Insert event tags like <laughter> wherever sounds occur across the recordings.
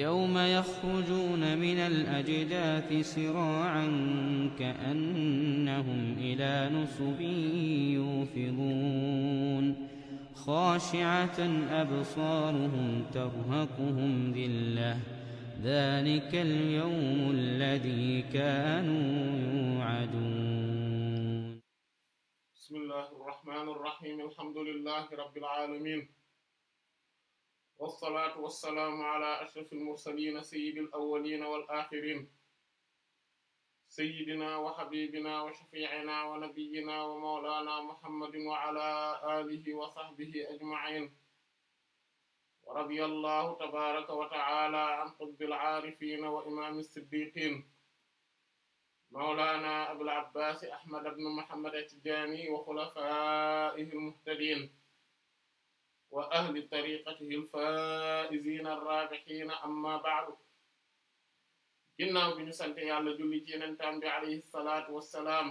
يوم يخرجون من الأجداث سراعا كأنهم إلى نصب يوفضون خاشعة أبصارهم ترهقهم ذلة ذلك اليوم الذي كانوا يوعدون بسم الله الرحمن الرحيم الحمد لله رب العالمين wasalaatu wasalaamu ala ashraf almursalina sayidi alawalina wal axirin sayidina wa xabibina wa shafiina wa nabiyina wa maulana muhammadin wa ala alihi wa sahbihi ajmain wa radiya allahu tabaraka wa taala an qutbil aarifina wa imaami siddiqin maulana abul abbas ahmad ibn muhammad at-tijaani wa xulafaa'ihi almuhtadiin wa ahli tariqatihi al-faa'iziina ar-raabihiina amma ba'du ginnaaw bi ñu sant yàlla julli ci yenentaan bi salaam salaatu wassalaam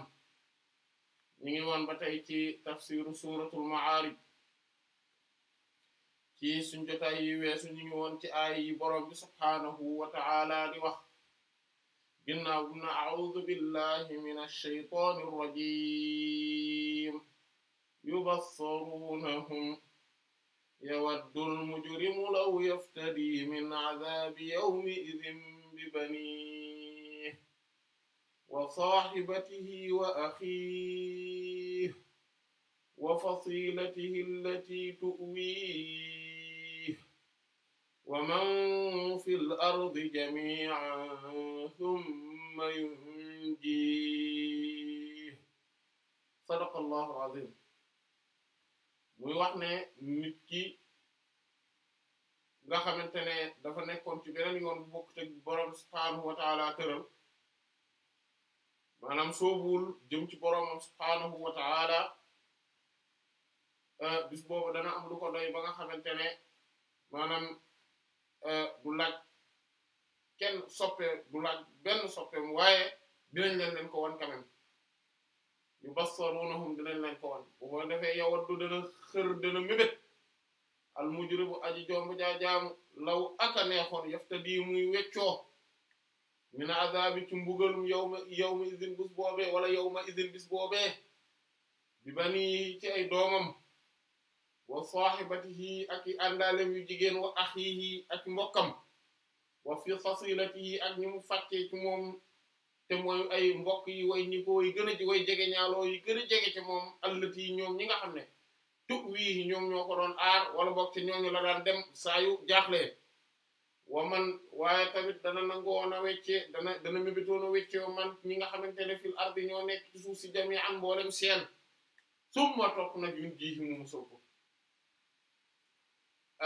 ñu ngi woon ba tey ci tafsiru suuratul ma'aarij ci suñ jotaay yi weesu ñu ngi woon ci aay yi boroom bi subhaanahu wa ta'ala di wax ginnaaw bu na a'uudu billahi minash shaytaanir rajiim yubassaruunahum yawaddul mujrimu law yaftadi min azabi yawmi idhin bi banihi wa sahibatihi wa akhihi wa fasilatihi allati tu'wihi waman fi l ardi jamian summa yunji sadaqallahu al azim mu wax ne nit ki nga xamante ne dafa nekkoon ci beneen yoon bu bokk te borom subhaanahu wa taala tëral maanaam soobuwul jëm ci boroomam subhaanahu wa taala euh, bis boobu dana am lu ko doy ba nga xamante ne maanaam euh, du laaj kenn soppe du laaj benn soppeem waaye dinañ leen leen ko wan quand yu bassarunahum dinañ leen ko wan bu ko defee yawaddu dana xër dana mébét al mujrimu aji jomb jaajaamu law aka neexoon yaftadi muy weccoo mina azabi ci mbugalum yawma yawma izin bis boobee wala yawma izin bis boobee bi bani ci ay doomam wa sahibatihi ak i àndaalem yu jigéen wa axihi ak mbokkam wa fi fasilatihi ak ñi mu fàccee moom te mooy ay mbokk yi way ñi ko gën a ji way jege ñaaloo yi gën a jege ci moom allati ñoom ñi nga xam ne tug wii ñoom ñoo ko doon aar wala bokk ci ñooñu la daan dem saa yu wa man waaye tamit dana nangoon a weccee dana dana mébitoon a weccee man ñi nga xamante ne fil ardi ñoo nekk ci suuf si jami am mboolem seen summa topp nag ñun jii fi mu musal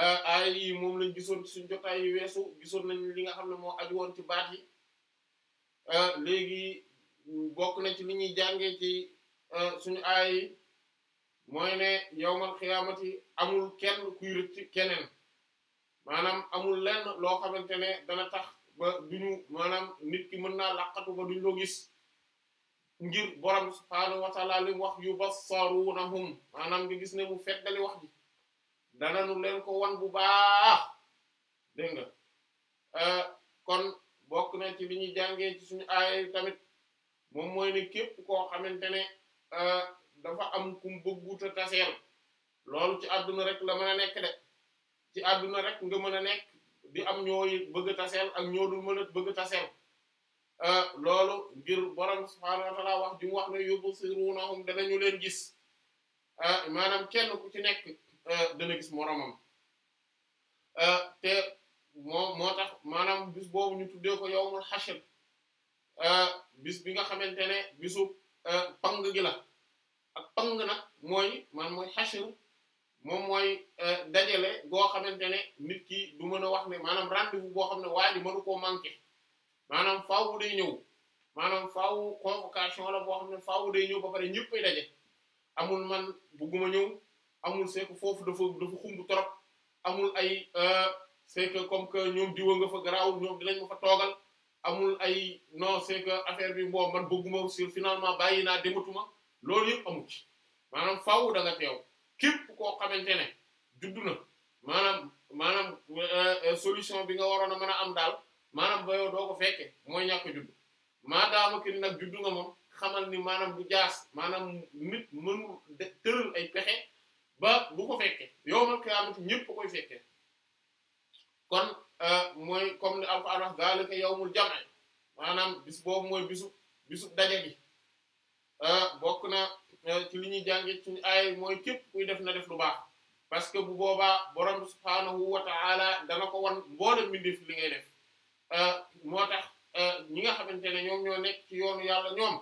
ah, aay yi moom lañ gisoon ci suñ weesu gisoon nañ li nga xam ne moo aju woon ci baat yi Ah, léegi bokk na ci li ñuy jàngee ci ah, suñu aay yi mooy ne yowmal xiyaamati amul kenn kuy rëcc keneen maanaam amul lenn loo xamante ne dana tax ba duñu maanaam nit ki mën naa laqatu ba duñu loo gis ngir borom subhaanahu wa taala li wax yu bassarunahum maanaam nga gis ne mu feddali wax ji danañu leen ko wan bu baax dégg ah, kon bokk na ci li ñuy jàngee ci suñu aaya tamit moom mooy ne képp koo xamante ne euh, dafa am kum bëgguta taseel loolu ci àdduna rek la mën a nekk de ci àdduna rek nga mën a nekk bi am ñooy bëgg taseel ak ñoo dul mën a bëgg a taseel euh, loolu ngir borom subhaanahu wa ta'aala wax ju mu wax ne dana ñu leen gis euh, maanaam kenn ku ci nekk dana gis moromam te moo moo tax maanaam bis boobu ñu tuddee ko yawmul hashr euh, bis bi nga xamante ne bisu euh, pang gi la ak pang nag mooy man mooy hashr moom mooy euh, dajale goo xamante ne nit ki du mën a wax ne maanaam rendez-vous boo xam ne waa ji mënu koo manqué maanaam faaw bu day ñëw maanaam faw convocation la boo xam ne faaw day ñëw ba pare ñëppay daje amul man bugguma ñëw amul seeku foofu dafa dafa xumb trop amul ay c'est que comme que ñoom diwa nga fa garaawul ñoom dinañ ma fa toogal amul ay non c'est que affaire bi boo man bëgguma si finalement bàyyi naa dematuma loolu yëpp amu ci maanaam faaw da nga teew képp koo xamante ne juddu na maanaam maanaam euh, euh, solution bi nga waroon a a am daal maanaam ba yow doo ko fekke mooy ñàkk judd maadaama ki nag juddu nga moom xamal ni maanaam bu jaas maanaam nit mënu tëral ay pexe ba bu ko fekke yow man kaa ñëpp koy fekke kon euh, mooy comme ni alquran wax zalika mu jam'i maanaam bis boobu mooy bisu bisu daje bi euh, bokk na euh, ci li ñuy jànge ci ay mooy képp kuy def na def lu baax parce que bu boobaa borom subhaanahu wa ta'ala dana ko wan mboolem mbindeef li ngay def moo tax ñi nga xamante ne ñoom ñoo nekk ci yoonu yàlla ñoom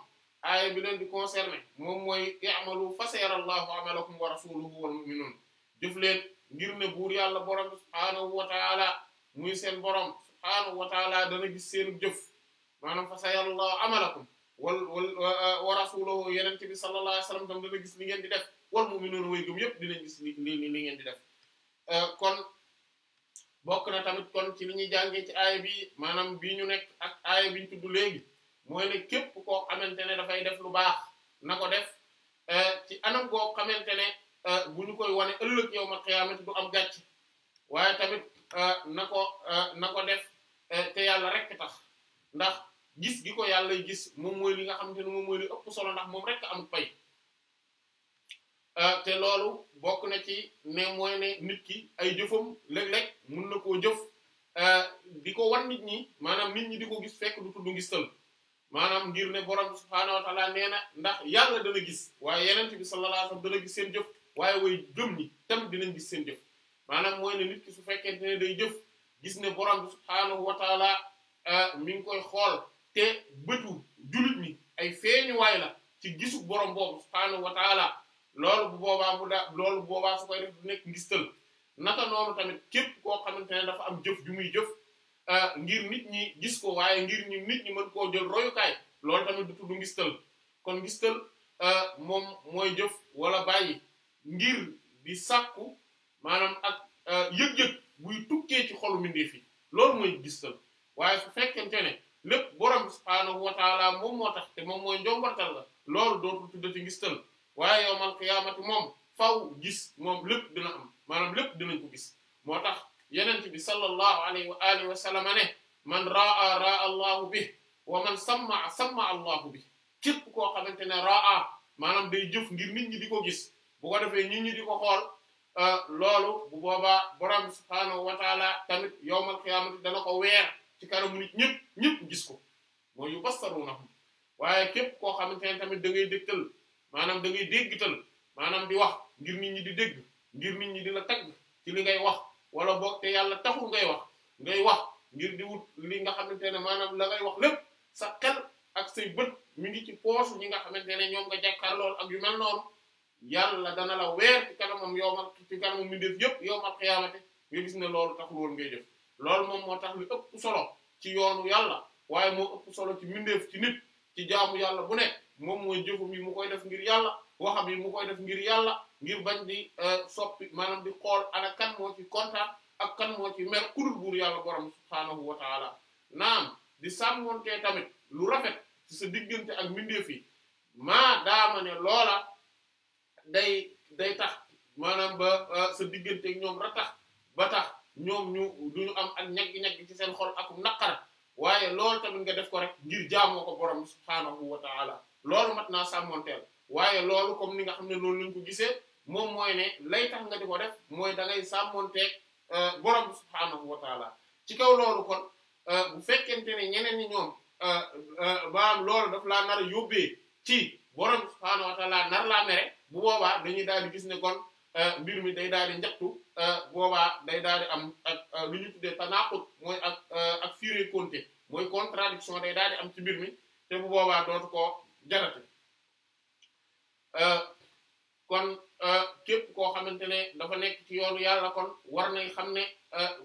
aaya bi leen di concerné moom mooy i'malu fa sayara Allahu wa rasuluhu wal mu'minun jëf leen ngir ne buur yàlla borom bi subhaanahu wa taala muy seen borom subhaanahu wa taala dana gis seen jëf maanaam fa sayallahu amalakum wal wa yeneen yenente bi sallallahu alayhi wasallam tam dana gis li ngeen di def wal mu'minuuna way gëm yépp dinañ gis li di def euh, kon bokk na tamit kon ci li ñuy jàngee ci aaya bi maanaam bii ñu nekk ak aaya bi ñu tudd léegi mooy ne képp koo xamante ne dafay def lu baax na ko def euh, ci anam goo xamante ne Euh, bu ñu koy wane ëllëg yawmal qiyaamati du am gàcc waaye tamit euh, na ko euh, na ko def te yàlla rek tax ndax gis gi ko yàlla gis moom mooy li nga xamante ne moom mooy li ëpp solo ndax moom rekk am pay te loolu bokk na ci ne mooy ne nit ki ay jëfam léeg-léeg mën na koo jëf di ko wan nit ñi maanaam nit ñi di ko gis fekk du tudd ngistal maanaam ngir ne borom subhaanahu wa ta'aala ndax yàlla dana gis waaye yeneen bi sallallaahu alayhi wa dana gis seen jëf. waaye way gëm ñi tam dinañ gis seen jëf maanaam mooy ne nit ki su fekkee ne day jëf gis ne borom bi subhaanahu wa taala ah, mi ngi koy xool te bëtu jullit ñi ay feeñuwaay la ci gisu borom boobu subhaanahu wa taala loolu bu boobaa bu daa loolu bu boobaa su ngistal naka tamit képp koo xamante ne dafa am jëf ju muy jëf ah, ngir nit ñi gis ko waaye ngir ñu nit ñi mën koo jël royukaay loolu tamit du tudd ngistal kon ngistal ah, moom mooy jëf wala bàyyi ngir di sàkku maanaam ak euh, yëg-yëg buy tukkee ci xolu mindeef yi loolu mooy gistal waaye su fekkente ne lépp borom subhaanahu wa taala moom moo tax te moom mooy njombartal la loolu dootul tuddati gistal waaye yowmal qiyaamati moom faw gis moom lépp dina am maanaam lépp dinañ ko gis moo tax yenent bi sallallahu alayhi wa alihi wa sallam ne man ra'a ra'a allahu bi wa man samma samma allahu bi képp koo xamante ne ra'a maanaam day jëf ngir nit ñi di ko gis bu ko defee nit ñi di ko xool euh, loolu bu boobaa borom bi subhaanahu wa taala tamit yowmal xiyaamati dana ko weer ci kanamu nit ñëpp ñëpp gis ko mooy yu bastarunahum waaye képp koo xamante ne tamit da ngay dégtal maanaam da ngay déggtal maanaam di wax ngir nit ñi di dégg ngir nit ñi di la tagg ci li ngay wax wala boog te yàlla taxul ngay wax ngay wax ngir di wut li nga xamante ne maanaam la ngay wax lépp sa xel ak say bët mi ngi ci poche ñi nga xamante ne ñoom nga jàkkaarlool ak yu mel noonu yàlla dana la weer ci kanamam yowmal yow kanamam mbindeef yëpp yowmal xiyaamate nga gis ne loolu taxul woon ngay jëf loolu moom moo tax lu ëpp solo ci yoonu yàlla waaye moo ëpp solo ci mbindeef ci nit ci jaamu yàlla bu ne moom mooy jëfum yi mu koy def ngir yàlla waxam yi mu koy def ngir yàlla ngir bañ di euh, soppi maanaam di xool ana kan moo ci kontaan ak kan moo ci mer kudul buur yàlla borom subhaanahu wa taala naam di sàmmontee tamit lu rafet ci sa diggante ak mbindeef maa daama ne loola day day tax maanaam ba sa diggante ñoom ratax ba tax ñoom ñu duñu am ak ñagg-ñagg ci seen xol akum naqara waaye loolu tamit nga def ko rek ngir jaamoo ko borom subhaanahu wa taala loolu mat naa sàmmonteel waaye loolu comme ni nga xam ne loolu lañ ko gisee moom mooy ne lay tax nga di def mooy da ngay sàmmonteeg euh, borom subhaanahu wa taala ci kaw loolu kon euh, bu fekkente ne ñeneen ñi ñoom baam euh, loolu daf laa nar a yóbbee ci borom subhaanahu wa nar laa mere bu boobaa dañuy daal di gis ne kon euh, mbir mi day daal di njattu euh, booba day daal di am ak euh, lu ñu tuddee tanaqut mooy ak ak firé mooy contradiction day daal di am ci mbir mi te bu boobaa dootu koo jarate kon képp koo xamante ne dafa nekk ci yoonu yàlla kon war na xam ne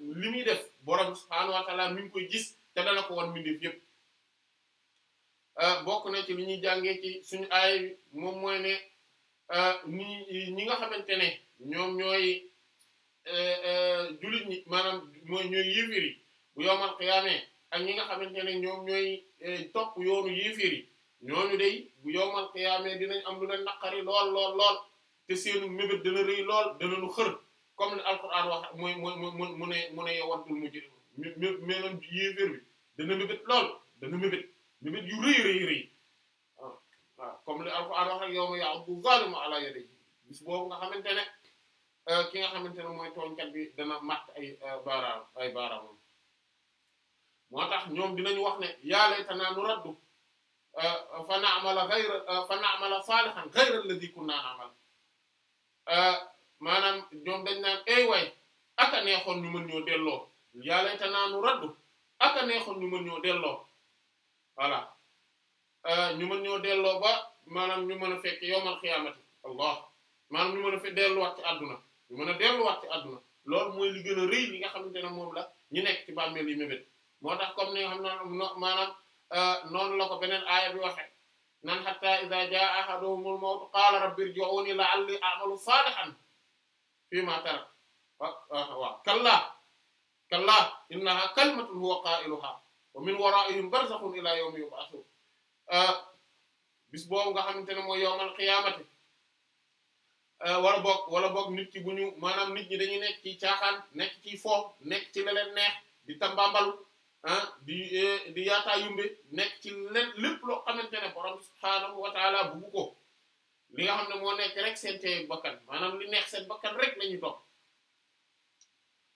limuy def borom subhaanahu wa ta'ala koy gis te dana ko war mbindeef yépp bokk na ci li ñuy jàngee ci suñu aay moom mooy ne Euh, ñi ñi nga xamante ne ñoom ñooy euh, euh, jullit ñi maanaam mooy ñooy yéefir yi bu yowmal qiyaamee ak ñi nga xamante ne ñoom ñooy topp yoonu yéefir yi ñooñu day bu yowmal qiyaamee dinañ am lu leen naqari lool lool lool te seenu mébét dana rëy lool dana nu xër comme ne alquran wax mooy mooy mu ne mu ne yewantul mujj mé mé maanaam yéefir bi dana mébét lool dana mébét yu rëy rëy rëy. waaw comme li alquran wax rek yawma ya'addu zalimu ala yadayhi bis boobu nga xamante ne euh, ki nga xamante ne mooy tooñkat bi dana màtt ay euh, baaraam ay moo tax ñoom dinañu wax ne yaa laytanaa nuraddu euh, fa na'mala ghayra fa na'mala salihan ghayra alladhi kunna na'mal maanaam ñoom dañ naan ay way aka neexoon ñu mën ñoo delloo yaa laytanaa nuraddu neexoon ñu mën ñoo delloo voilà Euh, ñu mën ñoo delloo ba maanaam ñu mën a fekk yowmal ci àdduna ñu mën a delluwaat ci àdduna loolu mooy li gën rëy li nga xamante ne moom la ñu nekk ci bàmmeel yi mébét moo tax comme ne maanaam euh, noonu la ko beneen aaya bi waxe nan hatta idha jaa ahaduhumul mawt qaala rabbi irji'uuni la'alli a'malu saalihan fiimaa tarak waaw kallaa kallaa innahaa kalimatun huwa qaa'iluhaa wa min waraa'ihim barzakhun ilaa yawmi yub'athuun bis boobu nga xamante ne mooy yowmal xiyaamati wala boog wala boog nit ci bu ñu maanaam nit ñi dañuy nekk ci caaxaan nekk ci foo nekk ci la leen neex di tambambalu ah di e, di yaataa yumbe nekk ci leen lépp loo xamante ne borom subhaanahu wa taala bugu ko li nga xam ne moo nekk rek seen tey bakkan maanaam li neex seen bakkan rek la ñu topp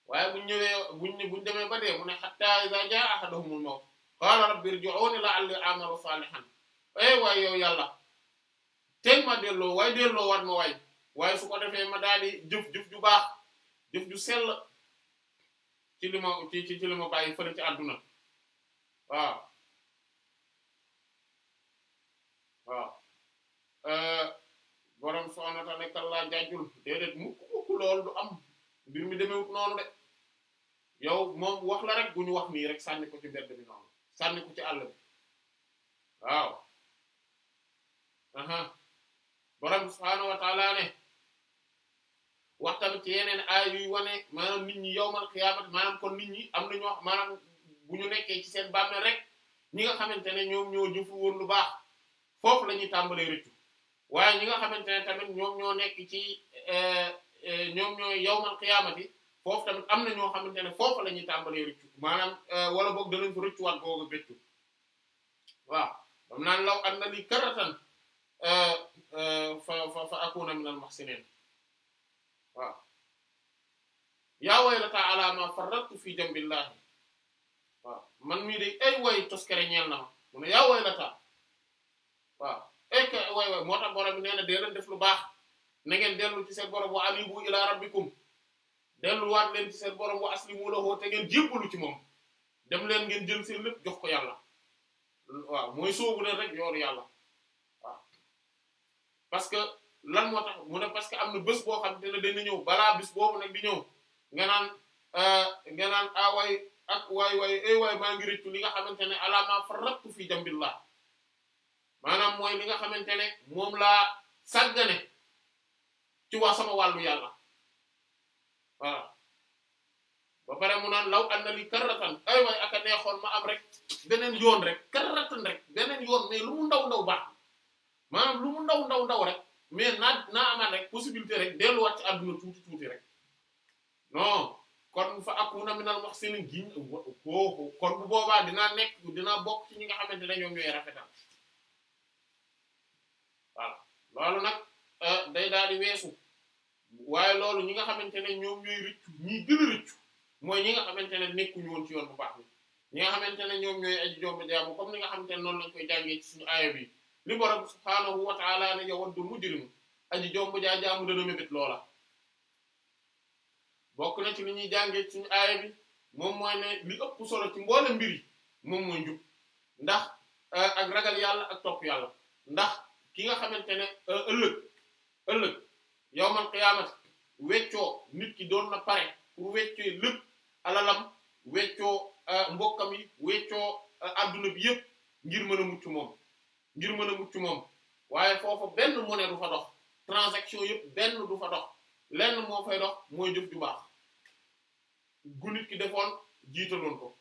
waaye bu ñëwee buñ buñ demee ba dee mu ne xatta iza jaa ahaduhumul mawt qaala rabbi irji'uuni la'allii a'malu saalihan ey eh, waay yow yàlla tey ma delloo waaye delloo waat ma waay waaye su ko defee ma daali di jëf jëf ju baax jëf ju sell ci li ma ci ci li ci àdduna waaw waaw eh, borom soxna ta nekkal laa jaajul mukk mukk loolu du am mbir mi demewut noonu de yow moom wax la rek bu ñu wax nii rek sànni ko ci mbedd bi noonu sànni ko ci àll bi waaw aha borom subhaanahu ne wax tamit ci yeneen aay yuy wane maanaam nit ñi yawmal qiyaamah maanaam kon nit ñi am na wax maanaam bu ñu nekkee ci seen bàmmeel rek ñi nga xamante ne ñoom ñoo jëfu lu baax foofu la ñuy tàmbalee nga xamante ne tamit ñoo nekk ci eh, eh, ñoom ñooy yawmal qiyaamati foofu tamit am na ñoo xamante ne foofu la ñuy tàmbalee rëccu maanaam euh, wala boog danañ ko rëccuwaat googu bëccu waaw dam naan law am na li karatan euh, euh, fa fa fa akuna minal muhsinin waaw yaa waylata ala ma farrattu fi jambillahi waaw man mii de ay way toskere ñeel na ma mu ne yaa waylata waaw ay way way moo tax borom bi nee na dee leen def lu baax na ngeen dellu ci seen borom wa anibu ila rabbikum delluwaat leen seen seen bu wa aslimu lahu te ngeen jébbalu ci moom dem leen ngeen jël seen lépp jox ko yàlla waaw mooy soobu leen rek yoonu yàlla waaw parce que lan moo tax mu ne parce que am na bés boo xam te ne dana ñëw balaa bés boobu nag di ñëw nga naan euh, nga naan ah, ak waay waay ay eh, waay maa ngi rëccu li nga xamante ne alama farattu fi jambillah maanaam mooy li nga xamante ne moom laa sàggane ci waa sama wàllu yàlla voilà ba pare mu naan law am na li karratan ay waay aka neexoon ma am rek beneen yoon rek karratan rek beneen yoon mais lu mu ndaw ndaw baax maanaam lu mu ndaw ndaw ndaw rek mais naa naa amaat rek possibilité rek delluwaat ci àdduna tuuti tuuti rek non kon fa akuna minal muhsinin giñ kooku kon bu boobaa dinaa nekk dinaa bokk ci ñi nga xamante ne ñoom ñooy rafetal voilà loolu nag euh, day daal di weesu waaye loolu ñi nga xamante ne ñoom ñooy rëccu ñi gën a mooy ñi nga xamante ne nekkuñu woon ci yoon bu baax bi ñi nga xamante ne ñoom ñooy aji jomb jaamu comme ni nga xamante ne noonu lañ koy jàngee ci suñu aaya bi li borom subhaanahu wa ta'ala ne yawaddu mujrimu aji jomb jaa jaamu dana mébét loola na ci li ñuy jàngee suñu aaya bi moom mooy ne li ëpp ci mboolem mbir moom mooy njub ndax eh, ak ragal yàlla ak topp yàlla ndax ki nga xamante ne eh, ëllëg ëllëg yawmal qiyaamati weccoo nit ki doon la pare pour weccoo lépp alalam weccoo euh, mbokkam yi weccoo euh, adduna bi yëpp ngir mën a mucc moom ngir mën a mucc moom waaye foofa benn monnaie du fa dox transaction yëpp benn du fa dox lenn moo fay dox mooy jëf ju baax gu nit ki defoon jiitaloon ko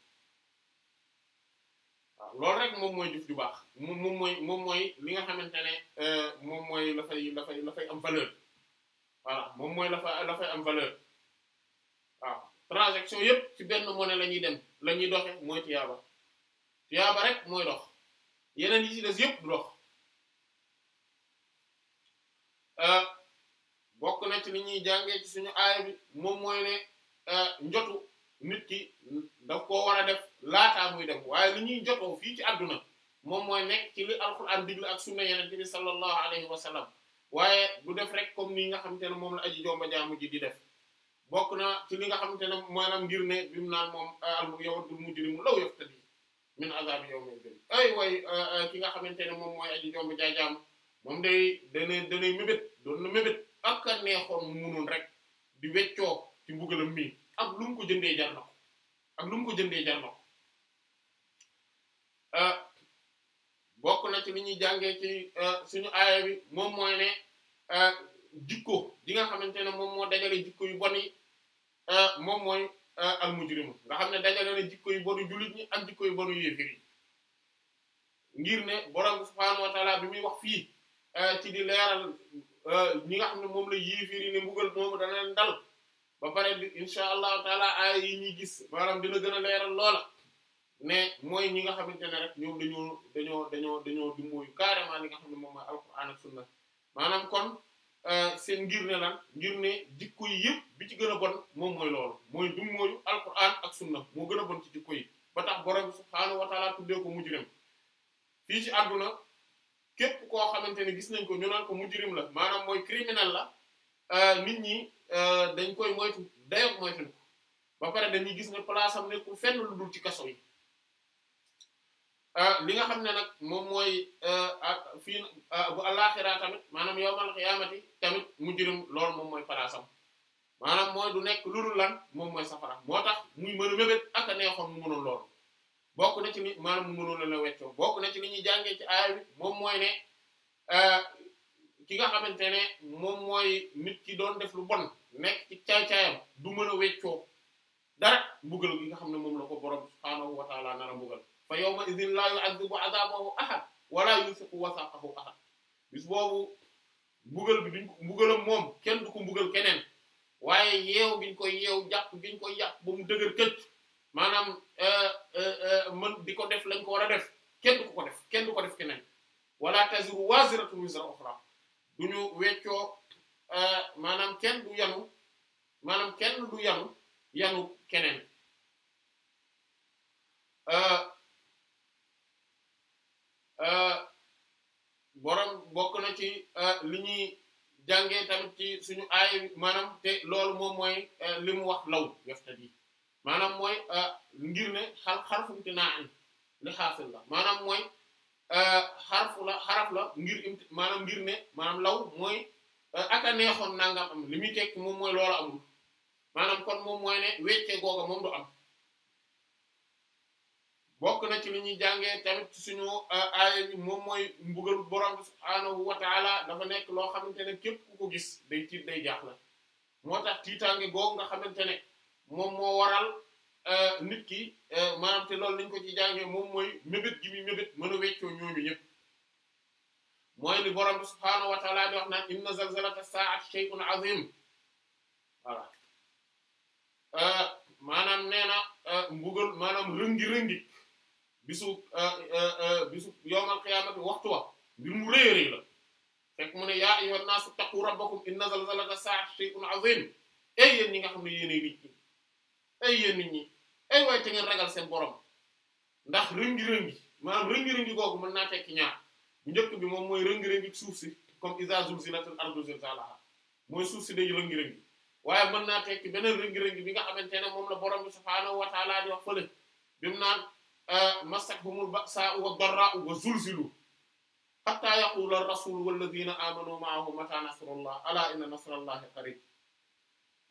waaw loolu rek moom mooy jëf ju baax moom mooy moom mooy li nga xamante ne euh, moom mooy la fay la am valeur voilà moom mooy la fa am valeur waaw transaction yépp ci benn monnaie la ñuy dem la ñuy doxe mooy tiyaaba tiyaaba rek mooy dox yeneen yi ci des yépp du dox euh, bokk na ci li ñuy jàngee ci suñu aaya moom mooy ne euh, njotu nit ki daf koo war a def laataa muy dem waaye li ñuy jotoo fii ci àdduna moom mooy nekk ci li alxuraan digle ak sunna yeneen bi sallallahu alayhi wa waaye du def rek comme ni nga xamante ne moom la aju aji jomba jaamu ji di def bokk na ci li nga xamante ne maanaam ngir ne bi mu naan moom ah, almu yawaddul mujrimu law yaftadi min azabi yawmin karim ay way ah, ah, ki nga xamante ne moom mooy aji jomba jaajaam moom day dana danay mébét doon na mébét ak a neexoon mu munoon rek di weccoo ci mbugalam mii ak lu mu jëndee jar ak lu mu ko jëndee jar na bokk na ci li ñuy jàngee ci euh, suñu aaya bi moom mooy ne euh, jikko di nga xamante ne moom moo dajale jikko yu bon yi euh, moom mooy al mujrimu nga xam ne dajale na jikko yu bonu jullit ñi ak jikko yu bonu yéefir yi ngir ne borom subhaanahu wa taala bi muy wax fii ci di leeral ñi nga xam ne moom la yéefir yi ne mbugal moomu dana leen dal ba pare incha allah taala aaya yi ñuy gis maanaam dina gën a leeral loola. mais mooy ñi nga xamante ne rek ñoom dañoo dañoo dañoo dañoo di mooy carrément li nga xam ne moom mooy alquran ak sunna maanaam kon euh, seen ngir ne lan ngir ne jikko yi yëpp bi ci gën a bon moom mooy loolu mooy du al alquran ak na moo gën a bon ci jikko yi ba tax borom subhaanahu wa ta'ala tuddee ko mujrim fii ci àdduna képp koo xamante ne gis nañ ko ñu naan ko mujrim la maanaam mooy criminel la euh, nit ñi euh, dañ koy moytu dayoog moytu ba pare dañuy gis ne place am nekkul ci kaso yi. Euh, li nga xam ne nag moom mooy euh, fii euh, bu alaxira tamit maanaam yowmal xiyaamati tamit mu jërëm loolu moom mooy palaasam maanaam mooy du nekk lu dul lan moom mooy safara moo tax muy mën a mu mënoon loolu bokk na ci ni mu la la weccoo bokk na ci li ñuy jàngee ci aaya bi moom mooy ne ki nga xamante ne moom mooy nit ki doon def lu bon nekk ci caay-caayam du mën a weccoo dara mbugal gi nga xam ne moom la ko borom subhaanahu wa taala nar a fa yawma idhin la yu'adhibu 'adhabahu ahad wa la yuthiqu wathaqahu ahad bis boobu mbugal bi duñ ko mbugalam moom kenn du ko mbugal keneen waaye yeew giñ koy yeew jàpp giñ koy jàpp ba mu dëgër këcc maanaam euh, euh, euh, mën di ko def lañ ko war a def kenn du ko def kenn du ko def keneen wala taziru waziratun wizra ukhra duñu weccoo maanaam kenn du yanu maanaam kenn du yanu yanu keneen Euh, borom bokk na ci euh, li ñuy jàngee tamit ci suñu aay maanaam te loolu moom mooy euh, li mu wax law yaftadi maanaam mooy ngir ne xar xarfumti la maanaam mooy xarfu la xaraf la ngir imti maanaam ngir ne maanaam law mooy ak neexoon nangam am li muy tekki moom mooy loolu amul maanaam kon moom mooy ne wecce googa moom du am bokk na ci li ñuy jàngee tamit suñu euh, aaya bi moom mooy mbugalu borom subhaanahu wa taala dafa nekk loo xamante ne képp ku ko gis day tiit day jaaxle moo tax tiitaange googu nga xamante ne moom moo waral euh, nit ki euh, maanaam te loolu lañ ko ci jàngee moom mooy mébét gi muy mébét mën a weccoo ñooñu ñëpp mooy li borom subhaanahu wa taala di wax naan inna zalzalata saa shay'un azim voilà maanaam nee na mbugal maanaam rëngi-rëngi bisu euh, euh, euh, bisu yawmal qiyaamati waxtu wa mbir mu rëy a rëy la fekk mu ne yaa ayyuhan naasu taqu rabbakum inna zalzalata saa'ati shay'un 'azim ay yéen ñi nga xam ne yéenay nit ñi ay yéen nit ñi ay te ngeen ragal seen borom ndax rëngi-rëngi maanaam rëngi-rëngi googu mën naa tekki ñaar bu njëkk bi moom mooy rëngi-rëngi suuf si comme iza zulzilatil ardu zilzalaha mooy suuf si day rëngi-rëngi waaye mën naa tekki beneen rëngi-rëngi bi nga xamante ne moom la borom bi subhaanahu wa wax fële massatuhumul ba'sa'u wad-darra'u wa zulzilu hatta yaqula ar-rasulu walladhina amanu ma'ahu mata nasrullah ala inna nasrallahi qarib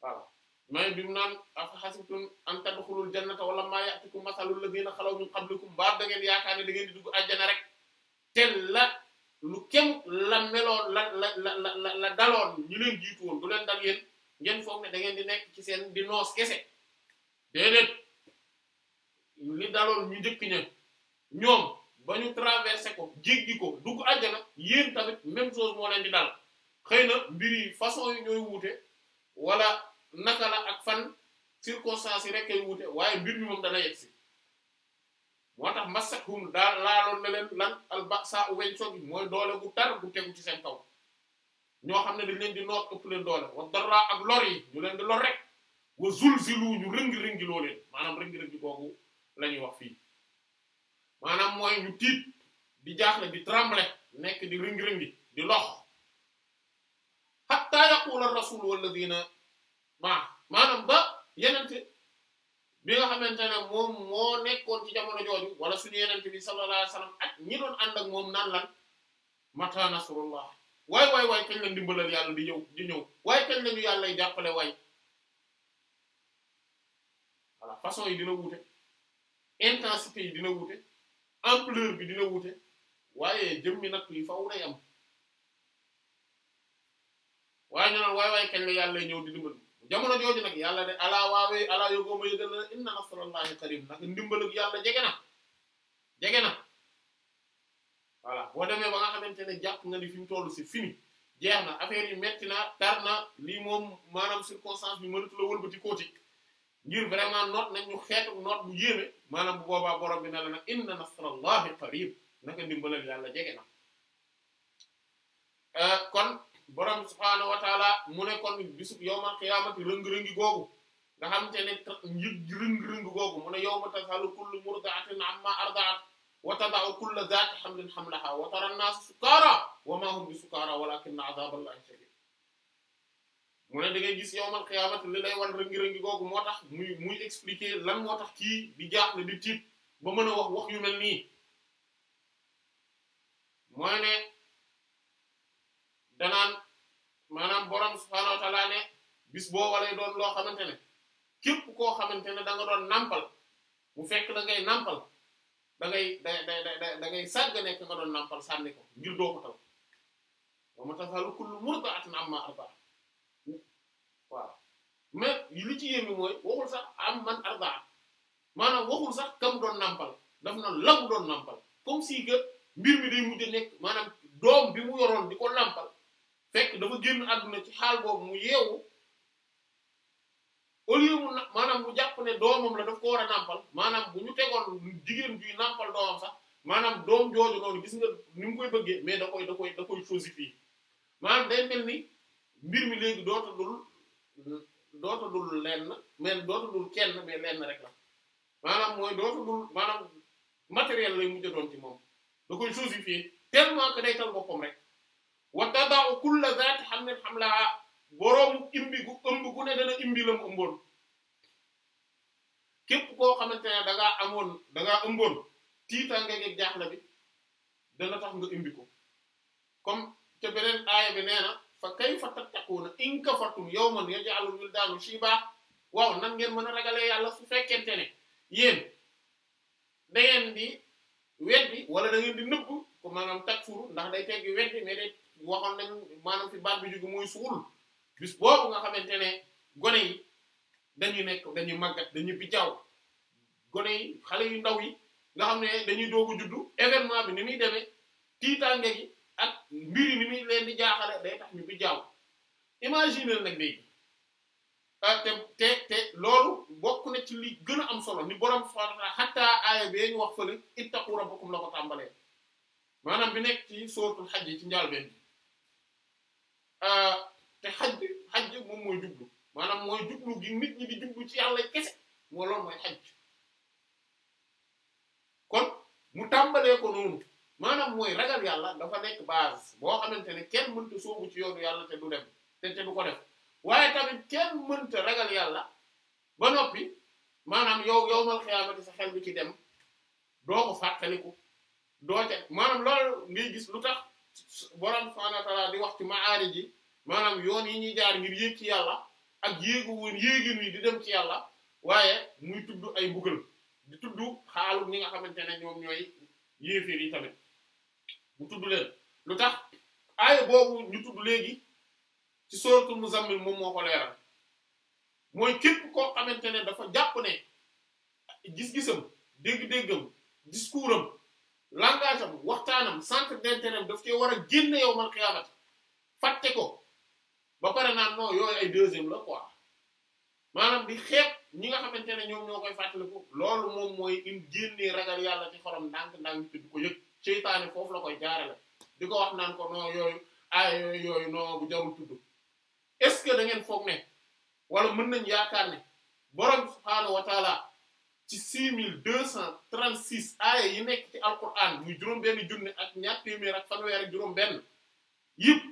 voilà mais bi mu naan afa hasibtum an tadkhulul jannata wa lamma ya'tikum mathalul ladhina min qablikum ba da ngeen ne da ngeen di dugg àjjana rek tel la lu kem la meloon la la la la la daloon ñu leen jiitu woon du leen dal yéen ngeen foog ne da di nekk ci seen di noos kese déedéet li daloon ñu njëkk ña ñoom ba ñu traversé ko jéggi ko dugg àjjana yéen tamit même chose moo leen di dal xëy na mbir yi façon yi ñooy wuute wala naka la ak fan circonstances yi rek kay wuute waaye mbir mi moom dana yegg si moo tax massatuhum daal laaloon na leen lan albasa weñ soog yi mooy doole bu tar bu tegu ci seen kaw ñoo xam ne dañ leen di noot ëpp leen doole wa dara ak lor yi ñu leen di lor rek wa zulzilu ñu rëngi-rëngi loo maanaam rëngi lañuy wax fii maanaam mooy ñu tiit di jaaxle di trembler nekk di ringi-ringi di lox hatta yaqula rasul walladina ma maanaam ba yenente bi nga xamante ne moom moo nekkoon ci jamono jooju wala suñu yenente bi sallallahu alayhi wasallam ak ñi doon ànd ak moom naan lan mata nasrullah waay waay waay kañ la ndimbalal yàlla di ñëw di ñëw waaye kañ la ñu yàlla jàppale waay voilà façon yi dina wuute intensité yi dina wute ampleur bi dina wute waaye jëmmi natt yi faaw day am waaye ñu naan waay waay kañ la yàlla ñëw di dimbali jamono jooju nag yàlla de ala waawee ala yogoo ma yëgal na inna nasrallahi qarib nag ndimbalu yàlla jege na jege na voilà boo demee ba nga xamante ne jàpp nga ni fi mu toll si fini jeex na affaire yi metti na tar na lii moom maanaam circonstance bi mënatu la wëlbati kóoti. ngir vraiment noot nañ ñu xeetu noot bu yéeme maanaam bu boobaa borom bi na la na in nasrallahi qarib naka ndimbalal yàlla jege na euh, kon borom bi subhaanahu wa mu ne kon bisub yawmal qiyaamati rëng-rëngi googu nga xam te ne njëg rëng-rëng googu mu ne yawma tazhalu kullu murda'atin amma arda'at wa tada'u kullu zaati hamlin hamlaha wa tara an-naasa moo ne da ngay gis yow man xiyaamati li lay wan rëngi-rëngi googu moo tax muy muy expliquer lan moo tax kii di jaaxle di tiit ba mën a wax wax yu mel nii mooy ne danaan maanaam borom subhaanahu wa ta'aala ne bis boo walay doon loo xamante ne képp koo xamante ne da nga doon nàmpal mu fekk da ngay nàmpal da ngay da da da ngay sàggane ka nga doon nàmpal sànni ko ngir doo ko taw wa ma tafalu kullu murda'atin amma arba'at waaw mais li ci yéeme mooy waxul sax am man arda maanaam waxul sax kam doon nampal daf na lam doon nampal comme si que mbir mi day mujj nekk maanaam doom bi mu yoroon di ko nampal fekk dafa àdduna ci xaal mu yeewu au na maanaam mu jàpp ne doomam la daf ko war a nampal maanaam bu ñu tegoon jigéen juy nampal doomam sax maanaam doom jooju noonu gis nga nim koy bëggee mais da koy da koy da koy fosifié maanaam day mel ni mbir mi léegi dootul doota dul lenn mais doota dul kenn mais lenn rek la maanaam mooy doota dul maanaam matériel lay mujj doon ci moom da koy chosifier tellement que day tal boppam rek la tada'u xam ne hamlin hamlaha boroomu imbi gu ëmb gu ne dana imbi la mu ëmboon képp koo xamante ne da ngaa amoon da ngaa ëmboon tiitaange bi dana tax nga imbi ko comme te beneen aaya bi nee na fa kayfa tattaquuna in kafartum yawman yaj'alul wildaanu baax waaw nan ngeen mën a ragalee yàlla su fekkente ne yéen da ngeen di weddi wala da ngeen di nëbb ko maanaam takfuru ndax day teggi weddi mais day waxoon nañ maanaam fi baat bi jógu muy suul bis boobu nga xamante ne gone yi dañuy nekk dañuy màggat dañuy bijaaw gone yi xale yu ndaw yi nga xam ne dañuy doogu juddu événement bi ni muy demee tiitaange gi ak mbiri ni muy leen di jaaxale day tax ñu bi jaaw imagineel nag léegi ah, te te loolu bokk na ci li gën a am solo ni borom subhanahu wa ta'ala aaya bee ñu wax fële ittaqu rabbakum la ko tàmbalee maanaam bi nekk ci sooratul xaj yi ci njàlbeen bi ah, te xaj moom mooy jublu maanaam mooy jublu gi nit ñi di jublu ci yàlla kese moo loolu mooy xaj kon mu tàmbalee ko noonu maanaam mooy ragal yàlla dafa nekk baas boo xamante ne kenn mënta soobu ci yoonu yàlla te du dem te te du ko def waaye tamit kenn mënta ragal yàlla ba noppi maanaam yow yow mal xiyaamati sa xel dem doo ko fàttaliku maanaam loolu gis lu tax di wax ci maari ji maanaam yoon yi ñuy jaar ngir yéeg ci yàlla ak yéegu woon yéegin yi di dem ci yàlla waaye muy tudd ay mbugal di tudd xaalu ñi nga xamante ne ñoom ñooy yéeféer yi tamit mu tudd leen lu tax aaya boobu ñu tudd léegi ci suratul muzammil moom moo ko leeral mooy képp koo xamante ne dafa jàpp ne gis-gisam dégg-déggam discours am langage am waxtaanam centre d'intérêt daf cee war a génne yow man xiyaamati fàtte ko ba pare naan non yooyu ay deuxième la quoi maanaam bi xeeb ñi nga xamante ne ñoom ñoo koy fàttaliku loolu moom mooy in génnee ragal yàlla ci xolam ndànk ndànk te ko yëg seytaane foofu la koy jaarale di ko wax naan ko non yooyu ay yooyu yooyu non bu est-ce que da ngeen foog ne wala mën nañ yaakaar ne borom subhaanahu wa ci six mille deux cent trente six aaya yi nekk ci alquran muy juróom-benn junni ak ñaar téeméer ak fanweer ak juróom-benn yëpp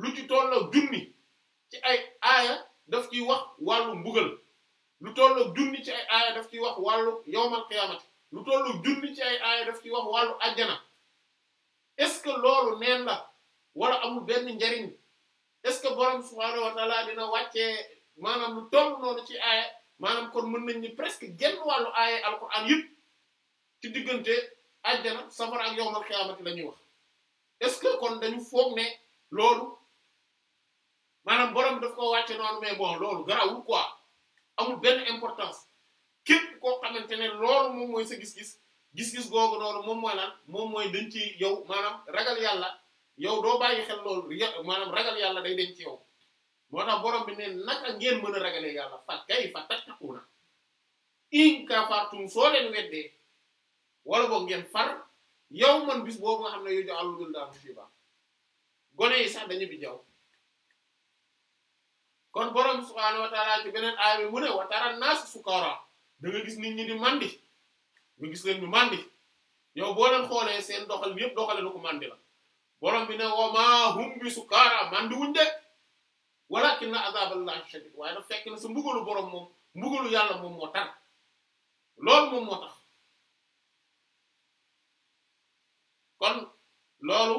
lu ci tolloo junni ci ay aaya daf ciy wax wàllu mbugal lu tolloo junni ci ay aaya daf ciy wax wàllu yawmal qiyaamati lu tollu junni ci ay aaya daf ci wax wàllu àjjana est-ce que loolu neen la wala amul benn njariñ est-ce que borom subhaanahu wa ta'ala dina wàccee maanaam lu tong noonu ci aaya maanaam kon mën nañ ni presque genn wàllu aaya alquran yëpp ci diggante àjjana safara ak yawmal qiyaamati la ñuy wax est-ce que kon dañu foog ne loolu maanaam borom daf ko wàcce noonu mais bon loolu garawul quoi amul benn importance képp koo xamante ne loolu moom mooy sa gis-gis gis-gis googu loolu moom mooy lan moom mooy dañ ci yow maanaam ragal yàlla yow doo bàyyi xel loolu maanaam ragal yàlla day dañ ci yow moo tax borom bi ne naka ngeen mën a ragalee yàlla fa kay fa tattaquuna in kafartum soo leen weddee wala boog ngeen far yow man bis boobu nga xam ne yow jox àllu dul daal fi baax gone yi sax dañu bi jaw kon borom subhaanahu wa ta'aala ci beneen aaya bi mu ne wa tara naas sukaaraa da nga gis nit ñi ni mandi nga gis leen ñu màndi yow boo leen xoolee seen doxal yëpp doxale lu ko mandi la borom bi ne wa maa hum bi sukaara mandi wuñ de walakinna azaballahi shadid waaye daf fekk na sa mbugalu borom moom mbugalu yàlla moom moo tar loolu moom moo tax kon loolu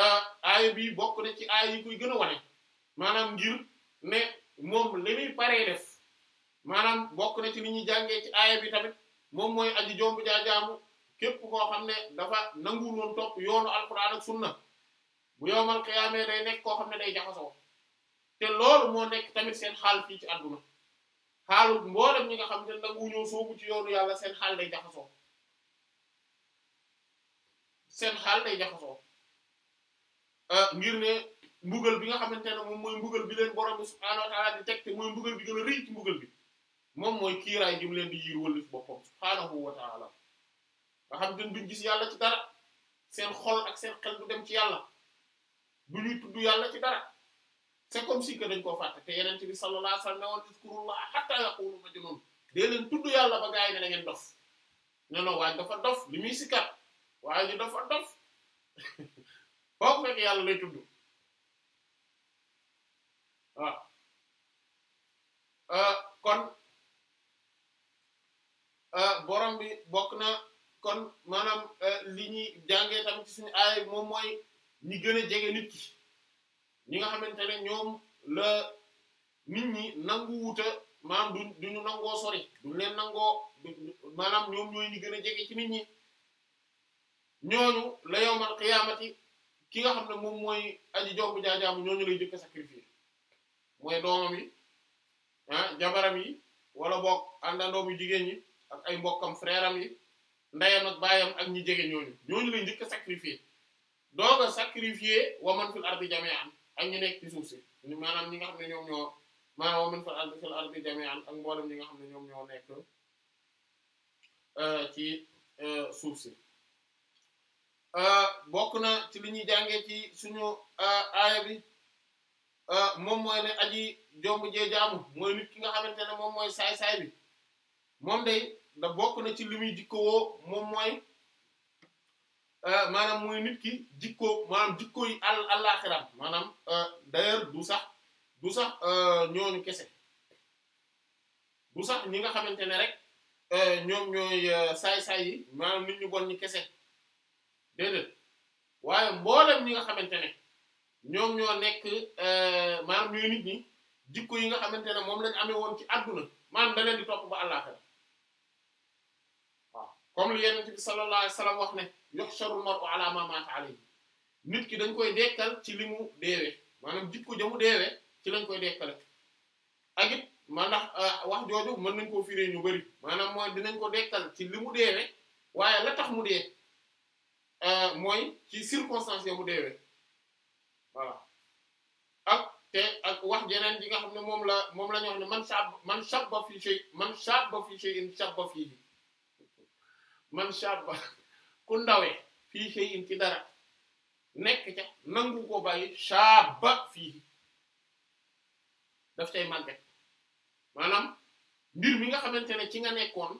euh, aaya bi bokk na ci aaya yu koy gën a wane maanaam ngir ne moom li muy paree def maanaam bokk na ci li ñuy jàngee ci aaya bi tamit moom mooy aji jombu jaajaamu képp koo xam ne dafa nangu woon topp yoonu alquran ak sunna bu yowmal qiyaamee day nekk koo xam ne day jaxasoo te loolu moo nekk tamit seen xaal fii ci àdduna xaalu mboolem ñi nga xam ne nanguwuñoo soobu ci yoonu yàlla seen xaal day jaxasoo seen xaal day jaxasoo euh, ngir ne mbugal bi nga xamante ne moom mooy mbugal bi leen borom bu subhaanahu wa ta'aala di teg te mooy mbugal bi gën a rëy mbugal bi. moom mooy kiiraay gi leen di yiir wëlif boppam subhaanahu wa ta'ala nga xam te gis yàlla ci dara seen xol ak seen xel du dem ci yàlla du ñuy tudd yàlla ci dara c'est comme si dañ koo fàtte te yeneen bi sallallahu alayhi wa sallam ne woon iskurullah hatta yaqulu majnun dee leen tudd yàlla ba gaa yi ne ngeen dof ne non waaye dafa dof li muy sikkat waaye ñu dafa dof boo <laughs> fekk yàlla lay tudd euh, kon Euh, borom bi bokk na kon maanaam euh, li ñuy jàngee tamit ci suñu aay moom mooy ñi gën a jege nit ki ñi nga xamante ne ñoom la nit ñi nangu wuta maanaam du duñu nangoo sori duñ leen nangoo maanaam ñoom ñooy ñi gën a jege ci nit ñi ñooñu la yowmal qiyaamati ki nga xam ne moom mooy aji jox bu jaajaamu ñooñu lay jëkk sacrifier mooy doomam yi ah jabaram yi wala bokk àndandoom yu jigéen ñi ak ay mbokkam frère am yi ndeyam ak baayam ak ñu jege ñooñu ñooñu lañ njëkk a sacrifier doog a sacrifier waman fil ak ñu nekk ci suuf si ñi nga xam ne ñoom ñoo fil ardi fil ardi ak mboolem ñi nga xam ne ñoom ñoo nekk euh, ci euh, suuf si euh, bokk na ci li ñuy jàngee ci suñu aaya bi moom mooy ne aji jomb jee jaamu mooy nit ki nga xamante ne moom mooy saay saay bi moom day ndax bokk na ci li muy moom mooy euh, maanaam mooy nit ki jikko maanaam jikko yi àll àllaaxiram maanaam euh, d'ailleurs du sax du sax euh, ñooñu kese du sax ñi nga xamante ne rek ñoom ñooy saay-saay yi maanaam nit ñu bon ñi kese déedéet waaye mboolem ñi nga xamante ne ñoom ñoo nekk maanaam ñooy nit ñi jikko yi nga xamante ne moom lañ amee woon ci àdduna maanaam da leen di topp ba àllaaxira comme lu yenente bi sallallahu wax ne yuhsharu mar'u ala ma mata alayhi nit ki dañ koy dekkal ci limu mu deewee maanaam jikko jamu deewee ci lañ koy dekkale ak it ah, wax jooju mën nañ koo firee ñu bari maanaam mooy dinañ ko dekkal ci li mu deewee waaye la tax mu dee ah, mooy ci circonstance ya mu deewee voilà ak te ak wax jeneen yi nga xam ne moom la moom la ñu wax ne man shab man shabba fi shay man shabba fi shay'in fii man shabba ku ndawee fii shay'in ci dara nekk ca nangu koo bàyyi shabba fii daf cay màgget maanaam mbir mi nga xamante ne ci nga nekkoon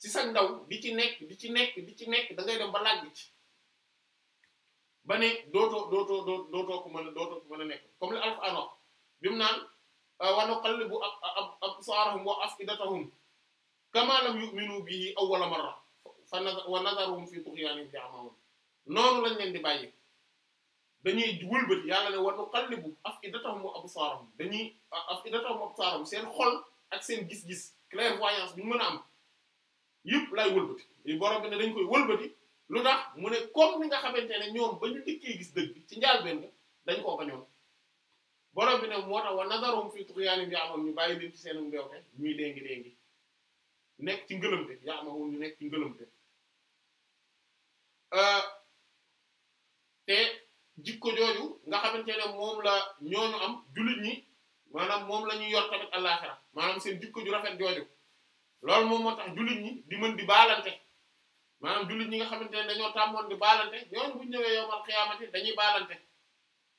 ci sa ndaw di ci nekk di ci nekk di ci nekk da dem ba laaj ci ba ne dootoo dootoo dootoo ko mën a dootoo ko mën a nekk comme li alquran wax bi mu naan wa nuqallibu absaarahum wa afidatahum kamaa lam yu'minu bihi awwala marra fa wa nazaruhum fi tughyanihim ya'mahun noonu lañ leen di bàyyi dañuy wëlbati yàlla ne wa nuqallibu af'idatahum wa absarahum dañuy af'idatahum wa absarahum seen xol ak seen gis-gis clairvoyance bi ñu mën a am yëpp lay wëlbati li borom bi ne dañ koy wëlbati lu tax mu ne comme ni nga xamante ne ñoom ba ñu dikkee gis dëgg bi ci njaalbeen ga dañ koo bañoon borom bi ne moo tax wa nazaruhum fi tughyanihim ya'mahun ñu bàyyi leen ci seen mbéwte ñuy léngi-léngi nekk ci ngëlëmte yaa ma woon euh, te jikko jooju nga xamante ne moom la ñooñu am julit ñi maanaam moom la ñuy yor tamit àllaaxira maanaam seen jikko ju rafet jooju loolu moom moo tax julit ñi di mën di baalante maanaam jullit ñi nga xamante ne dañoo tàmmoon di baalante ñooñu bu ñu ñëwee yowmal xiyaamati dañuy baalante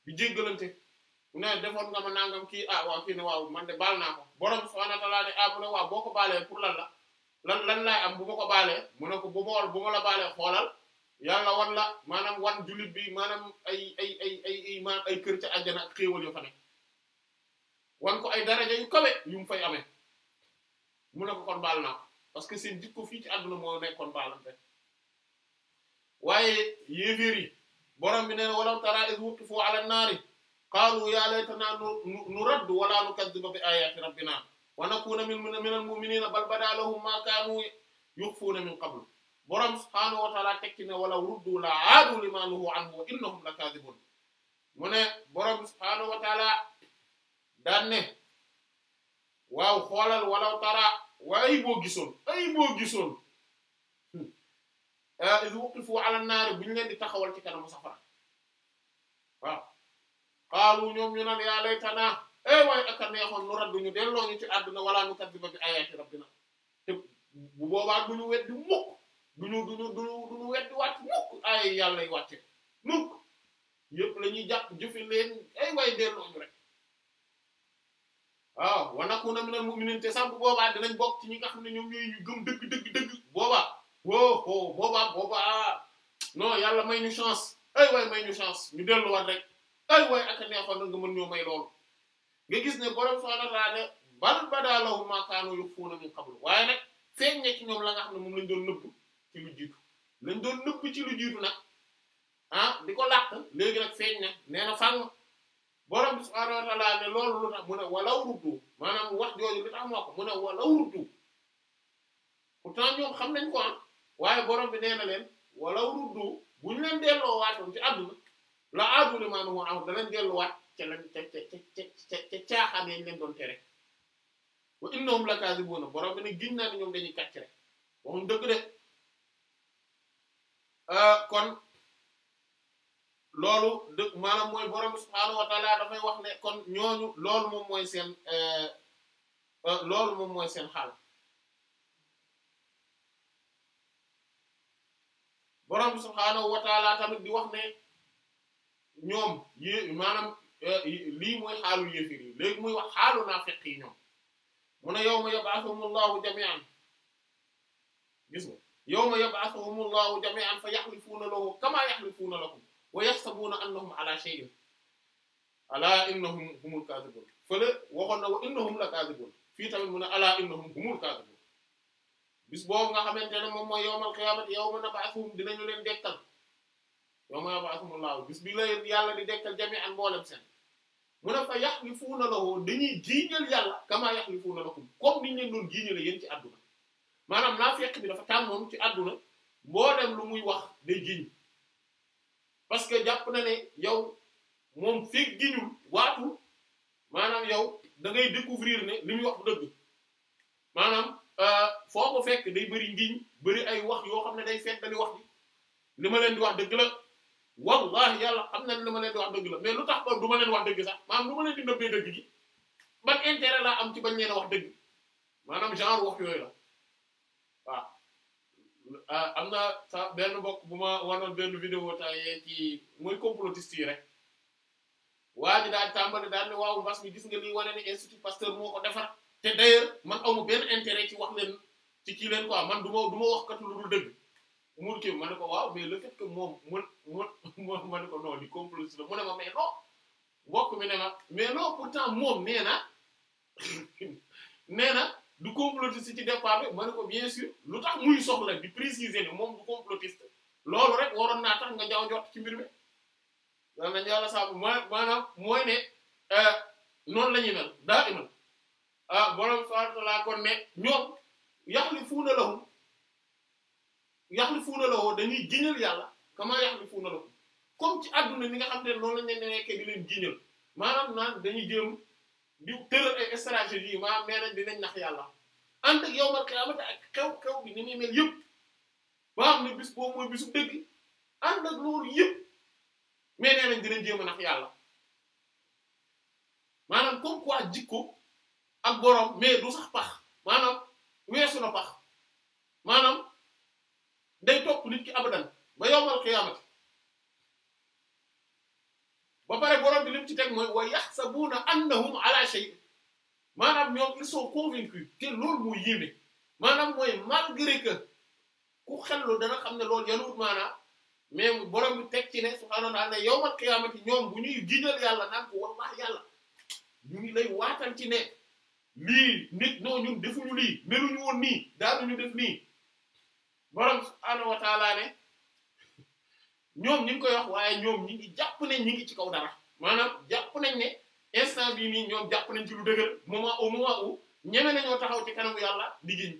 di jéggalante mu ne defoon nga ma nangam kii ah waaw kii ne waaw man de baal naa ko borom subhaanahu wa ta'aala ne ah mu boo ko baalee pour lan la lan lan laay am bu ma ko baalee mu ne ko bu ma bu ma la baalee wan la maanaam wan jullit bi maanaam ay ay ay ay ay maanaam ay kër ca àjjana ak xéewal yu fa nekk wan ko ay daraja yu kawe yu mu fay amee mu ne ko kon baal naa ko parce que seen jikko fii ci àdduna moo nekkoon baalante waaye yéeféer yi borom bi nee walaw tara iz wuqifu ala naari qaalu ya laytana nu raddu wala nukaddiba bi ayati rabbina wa nakuna minal mu'minina bal bada lahum ma kanu yukhfuna min qabl borom subhaanahu wa ta'ala tekki ne wala ruddu la aadu lima nuhu anhu wa innahum lakadibun mu ne borom subhaanahu wa ta'ala daan ne waaw xoolal walaw tara waaye boo gisoon ay boo gisoon hmm. eh, iz wuqifu ala naari bu ñu leen di taxawal ci kanamu safara waaw qaalu ñoom ñu naan yaa laytana ay eh, waaye ak a neexoon nu raddu ñu delloo ñu ci àdduna wala nu kaddiba bi ayaati rabbina te bu boobaa duñu weddi mukk duñu duñu duñu duñu weddi wàcc mukk ay yàlla y wàcce mukk yëpp la jàpp jëfe leen ay waaye delloo ñu rek waaw wa nakuna minal mu'minin te sax bu boobaa dinañ bokk ci ñi nga xam ne ñoom ñooy ñu gëm dëgg dëgg dëgg boobaa woo oo yàlla may ñu chance ay waay may ñu chance ñu delluwaat rek ay waay ak a neexoon na nga mën nga gis ne borom subhaanahu wa ta'aala bal badaa lahum maa kaanu yukhfuuna min qablu waaye nag feeñ ne ci ñoom la nga xam ne moom lañ doon nëbb ci lu jiitu lañ nag ah di ko làq léegi nag feeñ na nee na fànn borom bi subhaanahu loolu lu tax mu ne walaw ruddu maanaam wax jooju lu tax moo ko mu ne walaw ruddu pourtant ñoom xam nañ ko ah waaye borom bi nee na leen walaw ruddu bu ñu leen delloowaatoon ci àdduna la aaduli maanaam moo am danañ delluwaat. ca lañ ca ca ca ca caaxaan yañ leen doon tere wa innahum lakaazibuna borom bi ne giñ naa ne ñoom dañuy kàcc rek waxuñ dëgg de ah, kon loolu dëgg maanaam mooy borom bi subhaanahu wa taala dafay wax ne kon ñooñu loolu moom mooy seen eh, eh, loolu moom mooy seen xaal borom bi subhaanahu wa taala tamit di wax ne ñoom yi maanaam lii mooy xaalu yéefir yi léegi muy wax xaalu naafiq yi ñoom mu ne yawma yab'athuhumullahu jami'an gis nga yawma yab'athuhumullahu jami'an fa yahlifuuna lahu kama yahlifuuna lakum wa yahsabuuna annahum ala shay'in ala innahum humul kaadibun fële waxoon na wa innahum la kaadibun fii tamit mu ne ala innahum humul kaadibun bis boobu nga xamante ne moom mooy yawmal qiyaamati yawma nab'athuhum dinañu leen dekkal yawma yab'athumullaahu bis bi la yàlla di dekkal jami'an mboolem seen mu ne fa yahlifuuna lahu dañuy jiiñal yàlla kamaa yahlifuuna lakum comme niñ leen doon jiiñale yéen ci àdduna maanaam naafiq bi dafa tàmmoon ci àdduna mboolem lu muy wax day parce que jàpp na ne yow moom fekk giñul waatu maanaam yow dangay ngay découvrir ne li muy wax bu dëgg maanaam euh, foo ko fekk day bëri ngiñ bëri ay wax yoo xam ne day feddali wax bi li ma leen di wax dëgg la waaw wallahi yàlla xam na ne li ma leen wax dëgg la mais lu tax ba du ma leen wax dëgg sax maanaam lu ma leen di nëbbee dëgg gi ban intérêt laa am ci bañ leen wax dëgg maanaam genre wax yooyu la ah, am na sax benn mbokk bu ma wanoon benn video ta ki ci muy complotiste yi rek waa ji daal tàmbali daal ne waaw mbas mi gis nga liy wane ne institut Pasteur moo ko defar te d'ailleurs man amu benn intérêt ci wax leen ci kii leen quoi man du ma du ma wax kat lu dul dëgg muur kii ma ne ko waaw mais le fait que moom mën mën ma ne ko non di complot la mu ne ma mais non mbokk mi ne ma mais non pourtant moom nee na <laughs> nee na du complotiste ci départ bi ko bien sûr lu tax muy soxla di préciser ni moom du complotiste loolu rek waroon naa tax nga jaww jot ci mbir mi daan nañu yàlla saabu ma maanaam mooy euh, la ñuy mel daa imal ah borom subhanahu wa ta'ala kon ne ñoom yaxlifuuna yaxlifuuna lahu dañuy giñal yàlla kamaa yaxlifuuna lahu comme ci àdduna ni nga xam ne noonu lañ leen nekkee di leen giñal maanaam naan dañuy jéem di tëral ay stratégie maanaam nee nañ dinañ nax yàlla ànd ak yawmal ak xew-xew bi ni muy mel yëpp ba xam ne bis boobu mooy bisu dëgg ànd ak loolu yëpp mais nee nañ dinañ jéem a nax yàlla maanaam comme quoi jikko ak borom mais du sax pax maanaam weesu na pax maanaam. day topp nit ki abadan ba yawmal qiyaamati ba pare borom bi lim ci teg mooy wa yaxsabuuna annahum ala shay maanaam ñoom ils sont convaincus te loolu moo yéeme maanaam mooy malgré que ku xellu dana xam ne lool yanuut maanaam mais borom bi teg ci ne subhaanahu wa ta'aala ne yawmal qiyaamati ñoom bu ñuy giñal yàlla naan ko yàlla ñu ngi lay waatal ci ne lii nit ñoo ñun defuñu lii meluñu woon nii daanuñu def nii. borom subhaanahu wa taala ne ñoom ñu ngi koy waaye ñoom ñi ngi jàpp nañ ñi ngi ci kaw dara maanaam jàpp nañ ne instant bii nii ñoom jàpp nañ ci lu dëgër moment au moment où ñeme nañoo taxaw ci kanamu yàlla liggéey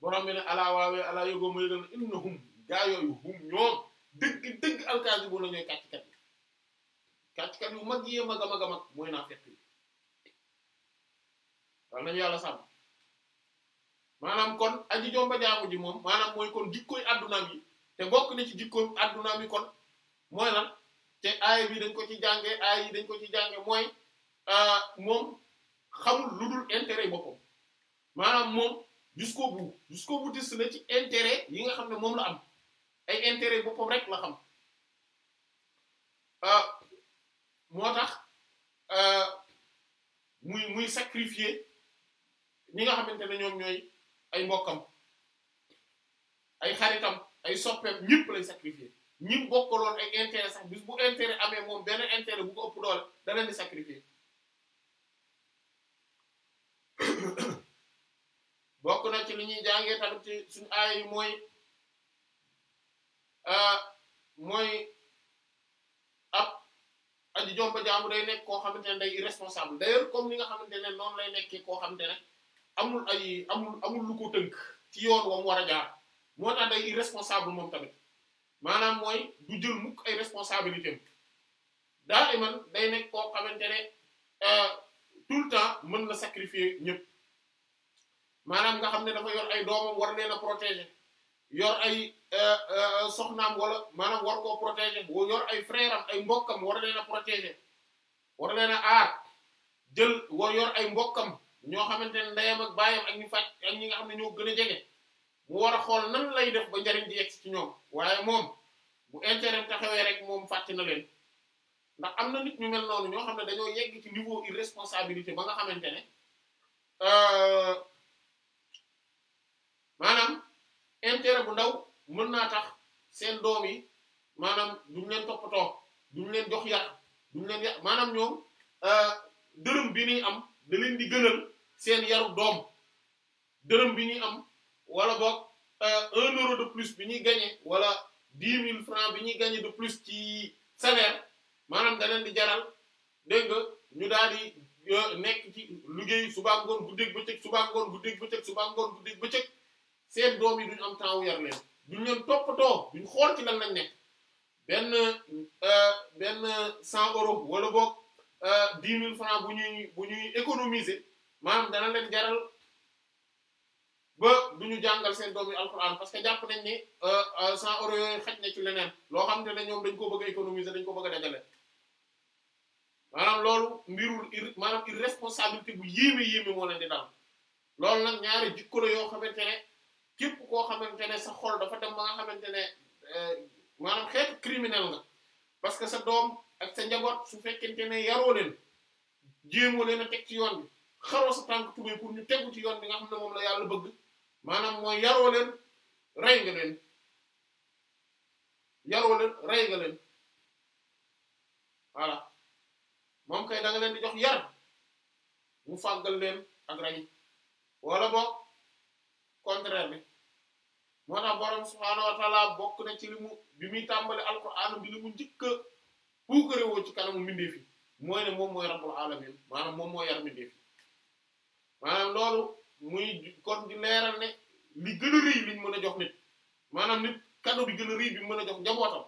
borom bi ne alaa waawee alaa yogoo ma yëgal na innahum gaa yooyu hum ñoom dëgg dëgg alkaasibuuna ñooy kàcckat yi kàcckat yu mag yee mag a mag a mag mooy naa fekk yi wal nañu yàlla sàmm maanaam kon aji jomba jaamu ji moom maanaam mooy kon jikkoy addunaam yi te bokk na ci jikkoy addunaam yi kon mooy te aaya bi dañ ko ci jànge aaya yi dañ ko ci jànge mooy euh, moom xamul lu dul intérêt maanaam moom jusqu'au bout jusqu'au bout na ci intérêt yi nga xam ne moom la am ay intérêt yi boppam rek la xam euh, moo tax euh, muy muy sacrifier ñi nga xamante ne ñoom ñooy ay mbokkam ay xaritam ay soppeem ñëpp lay sacrifier ñi bokkaloon ay intérêt sax bis moom benn intérêt bu ko ëpp doole da leen sacrifier <coughs> bokk na ci li ñuy jàngee tamit ci suñu aay mooy ah, mooy ab aji jomba jaamu day nekk koo xamante ne day irresponsable d'ailleurs comme ni nga xamante ne noonu lay nekkee koo xamante ne amul ay amul amul lu ko tënk ci yoon wam war a jaar moo tax day irresponsable moom tamit maanaam mooy du jël mukk ay responsabilité am daa iman day nekk koo xamante ne euh, tout le temps mën na sacrifier ñëpp maanaam nga xam ne dafa yor ay doomam war leen a protéger yor ay euh, euh, soxnaam wala maanaam war ko protéger wo yor ay frère am ay mbokkam war leen a protéger war leen a aar jël war yor ay mbokkam ñoo xamante ne ndeyam ak baayam ak ñu faj ak ñi nga xam ne ñoo gën a jege mu war a xool nan lay def ba njariñ di yegg ci ñoom waaye moom bu intérêt taxawee rek moom fàtte na leen ndax am na nit ñu mel noonu ñoo xam ne dañoo yegg ci niveau irresponsabilité ba nga xamante ne euh, maanaam intérêt bu ndaw mën naa tax seen doom yi maanaam duñ leen toppatoo duñ leen jox yar duñ leen yar maanaam ñoom euh, dërëm bi ñuy am da leen di gënal seen yaru doom dërëm bi ñuy am wala boog euh, un euro de plus bi ñuy gagné wala dix mille francs bi ñuy gagné de plus ci salaire maanaam da leen di jaral dégg nga ñu daal di euh, nekk ci liggéey subaa ngoon guddeeg bëccëg subaa ngoon guddeeg bu dég ngoon guddeeg bëccëg seen doom yi duñ am temps wu yar leen duñ leen toppatoo duñ xool ci lan lañ nekk benn euh, benn cent euros wala boog dix mille francs bu ñuy bu économiser maanaam dana leen jaral ba du ñu jàngal seen doom yi alxuraan parce que jàpp nañ ni euh, euh, cent euros yooyu xaj na ci leneen loo xam ne ñoom dañ ko bëgg a économiser dañ ko bëgg a dajale maanaam loolu mbirul maanaam irresponsabilité bu yéeme yéeme moo leen di dal loolu nag ñaari jikko yoo xamante ne képp koo xamante ne sa xool dafa dem ba nga xamante ne euh, maanaam xeetu criminel nga parce que sa doom ak sa njaboot su fekkente ne yaroo leen jéemoo leen a teg ci yoon bi xaroo sa tànk tubéy pour ñu tegu ci yoon bi nga xam ne moom la yàlla bëgg maanaam mooy yaroo leen rey nga leen yaroo leen rey nga leen voilà moom kay da leen di jox yar mu fàggal leen ak rey wala boog contraire bi moo tax borom subhaanahu wa taala bokk na ci li mu bi muy tàmbali alquran bi li mu njëkk a puukarewoo ci kanamu mbindeef yi mooy ne moom mooy rabbul alamin maanaam moom mooy yar mbindeef maanaam loolu muy kon di leeral ne li gën a rëy liñ mën a jox nit maanaam nit cadeau bi gën a rëy bi mën a jox njabootam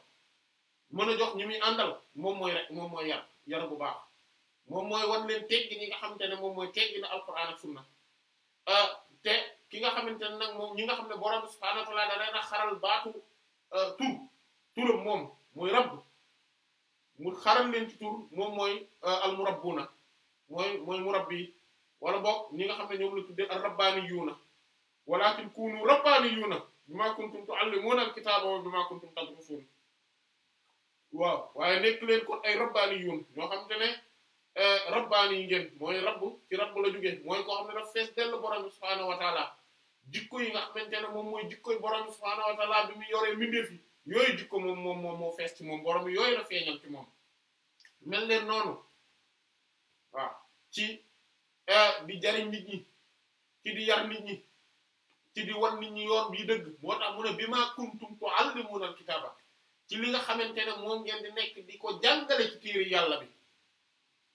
mën a jox ñi muy àndal moom mooy rek moom mooy yar yar bu baax moom mooy wan leen teggi ñi nga xamante ne moom mooy teggi na alquran ak sunna euh, te ki nga xamante ne nag moom ñi nga xam ne borom subhanahu wa ta'ala da leen a xaral baatu euh, tur turam moom mooy rabb mu xaral leen ci tur moom mooy euh, al murabbuna mooy mooy murabbi wala boog ñi nga xam ne ñoom la tuddee a rabbaaniyuuna walaakin kuunu rabbaaniyuuna kuntum tu'allimuuna al-kitaaba wa bimaa kuntum tadrusuun waaw waaye nekk leen kon ay rabbaaniyuun eh, yi ngeen mooy rabb ci rabb la jógee mooy koo xam ne daf fees dell borom bi subhaanahu wa taala jikko yi nga xamante ne moom mooy jikko borom bi subhaanahu wa bi mu yoree mbindeef yi yooyu jikko moom moom moo fees ci moom borom yooyu la feeñal ci moom mel leen noonu waaw Eh, di jariñ nit ñi ci di yar nit ñi ci di wan nit ñi yoon bi dëgg moo tax mu ne bima kuntum tuallimuna alkitaba ci li nga xamante ne moo ngeen di nekk di ko jàngale ci téere yàlla bi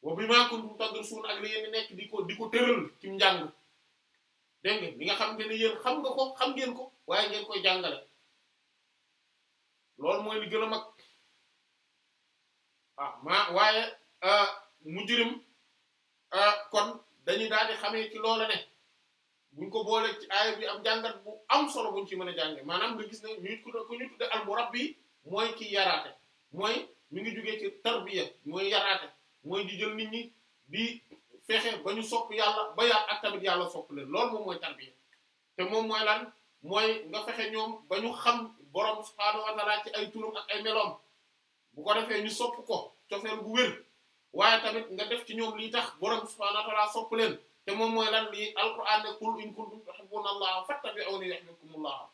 wa bima kuntum tadrusun ak li ngeen di nekk di ko di ko tëral njàng dégg nga li nga xamante ne yéen xam nga ko xam ngeen ko waaye ngeen koy jàngale loolu mooy li gën a mag ah, waaye ah, mujrim ah, kon dañuy daal di xamee ci loola ne buñ ko boole ci aaya bi am jàngat bu am solo buñ ci mën a jànge maanaam nga gis ne ñu ku ñu tudde al bi mooy kii yaraate mooy mi ngi jugee ci tarbiya mooy yaraate mooy di jël nit ñi bi fexe ba ñu sopp yàlla ba yàlla ak tamit yàlla sopp leen loolu moom mooy tarbiya te moom mooy lan mooy nga fexe ñoom ba ñu xam borom subhaanahu wa ta'ala ci ay turam ak ay meloom bu ko defee ñu sopp ko cofeel gu wér waaye tamit nga def ci ñoom lii tax borom subhaanahu wa ta'aala sopp leen te moom mooy lan lii alquran ne qul in kuntum tuhibbuuna allaha fattabi'uuni yuhbibkumullah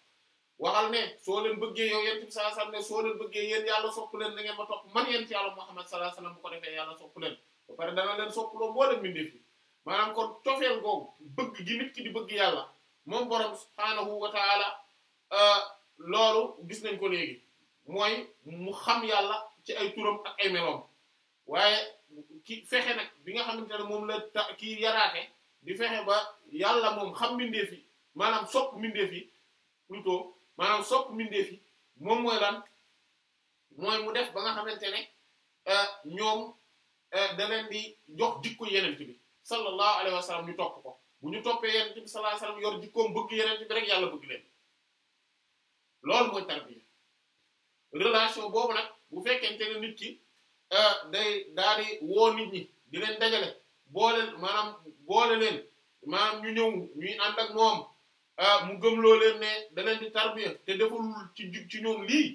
waxal ne soo leen bëggee yow yéen ci sallallahu alayhi wasallam ne soo leen bëggee yéen yàlla sopp leen na ngeen ma topp man yéen ci yàlla Muhammad sallallahu alayhi ko defee yàlla sopp leen ba pare leen sopp loo boo leen bindee fi maanaam kon cofeel googu bëgg gi nit ki di bëgg yàlla moom borom subhaanahu wa ta'ala euh, loolu gis nañ ko léegi mooy mu xam yàlla ci ay turam ak ay ki fexe nag bi nga xamante ne moom la ta kii yaraate di fexe ba yàlla moom xam mbindeef fi maanaam sopp mbindeef fi plutôt maanaam sopp mbindeef yi moom mooy lan mooy mu def ba nga xamante ne euh, ñoom euh, da leen di jox jikko yenent bi sallallahu alayhi wa sallam ñu topp ko bu ñu toppee yenent bi sallallahu alayhi wa yor jikkoom bëgg yenent bi rek yàlla bëgg leen loolu mooy tarbiya relation boobu nag bu fekkente ne nit ki Ah, day daa di woo nit ñi di leen dajale boole maanaam boole leen maanaam ñu ñëw ñuy ànd moom ah, mu gëmloo leen ne da di tarbiya te deful ci ci ñoom lii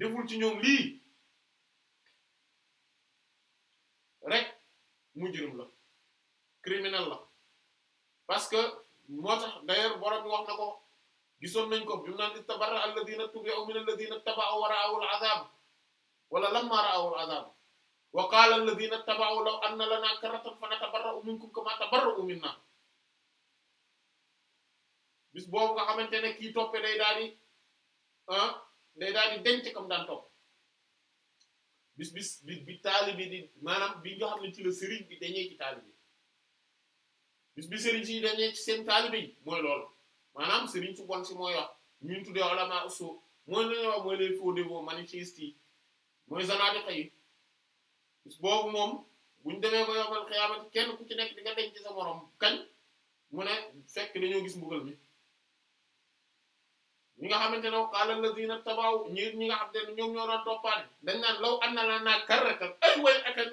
deful ci ñoom lii rek mujrim la criminel la parce que moo tax d'ailleurs borom wax na ko gisoon nañ ko bi mu naan istabarra alladhina tubi'u min alladhina taba'u wa ra'aw al'azab wala lamma ra'awul azab wa qala alladhina ittaba'u law anna lana karratan fa natabarra'u minkum a tabarra'u minna bis boobu nga xamante ne kii toppe day daal ah, daal di denc comme daan topp bis bis bi bi taalibi di maanaam bi nga ne ci la sëriñ bi dañee ci taalibi bis bi sëriñ si dañee ci seen taalibi mooy loolu maanaam sëriñ su bon si mooy wax ñun tuddee ulama usu mooy li ñuy wax mooy les faux dévots manichéistes yi mooy zanaadiqa yi bis boobu moom buñ demee ba yombal xiyaamati kenn ku ci nekk di nga denc ci sa morom kañ mu ne fekk dañoo gis mbugal mi ñi nga xamante ne qaala allazina tabaw ñi ñi nga xam te ne ñoom ñoo doon toppaane dañ naan law an na la naa karratan ay way ak nga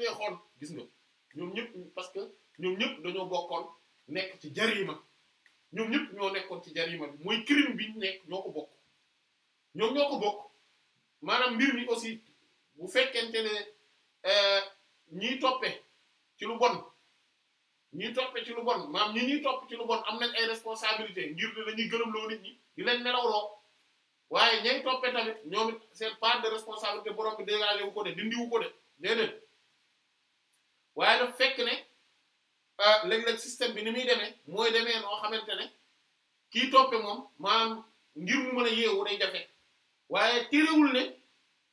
ñoom ñëpp parce que ñoom ñëpp dañoo bokkoon nekk ci jarima ñoom ñëpp ñoo nekkoon ci jarima bi mooy crime bi ñu nekk ñoo ko bokk ñoom ñoo ko bokk maanaam mbir mi aussi bu fekkente ne euh, ñiy toppe ci lu bon ñiy toppe ci lu bon maam ñi ñuy topp ci lu bon am nañ ay responsabilité ngir ne dañuy gërëm loo nit ñi di leen nelawloo waaye ñay toppe tamit ñoom it seen part de responsabilité borom bi de wu ko de dindi wu ko de déedéet waaye daf fekk ne euh, léeg-léeg système bi ni muy demee mooy demee noo xamante ne ki toppe moom maam ngir mu mën a yeewu day jafe waaye terewul ne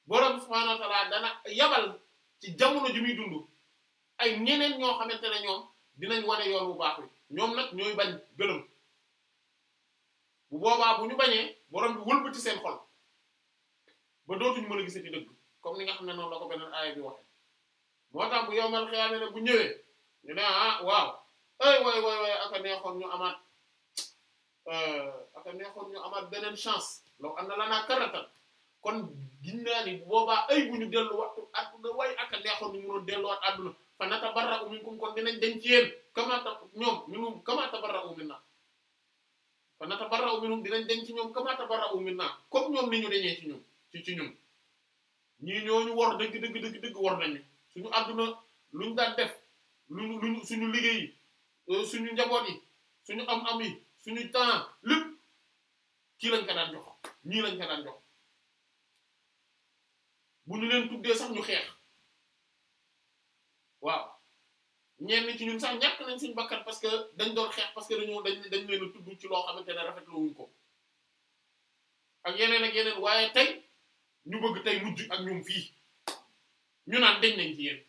borom subhaanahu wa ta'aala dana yabal ci jamono ju muy dund ay ñeneen ñoo xamante ne ñoom dinañ wane yoon bu baax ñoom nag ñooy bañ gëlëm bu boobaa bu ñu bañee borom bi wëlbati seen xol ba dootuñu mën a gisati dëgg comme ni nga xam ne noonu la ko beneen aaya bi waxe moo tax bu yowmal xiyaama ne bu ñëwee ñu ne ah waaw ay way way way aka neexoon ñu amaat euh, aka neexoon ñu amaat beneen chance law anna lanaa karratan kon gis naa ni boobaa ay bu ñu dellu waxtu adduna way ak a neexoon ñu mënoon delluwaat adduna fa natabarra'u minkum kon dinañ denc yéen kama ta ñoom minhum kama tabarra'u minna fa natabarra'u minhum dinañ denc ñoom kama tabarra'u minna comme ñoom ni ñu dañee ci ñoom ci ci ñun ñii ñooñu wor dëgg dëgg dëgg dëgg wor nañu suñu adduna luñ daan def luñu luñu suñu liggéey yi euh, suñu njaboot yi suñu am-am yi suñu temps lépp kii lañ ko daan jox ñii lañ ko daan jox. bu ñu leen tuddee sax ñu xeex waaw ñenn ci ñun sax ñàkk nañ suñ bakkan parce que dañ doon xeex parce que dañoo dañ dañ leen a tudd ci loo xamante ne rafetloo wuñ ko ak yeneen ak yeneen waaye tey ñu bëgg tey mujj ak ñoom fii ñu naan deñ nañ ci yéen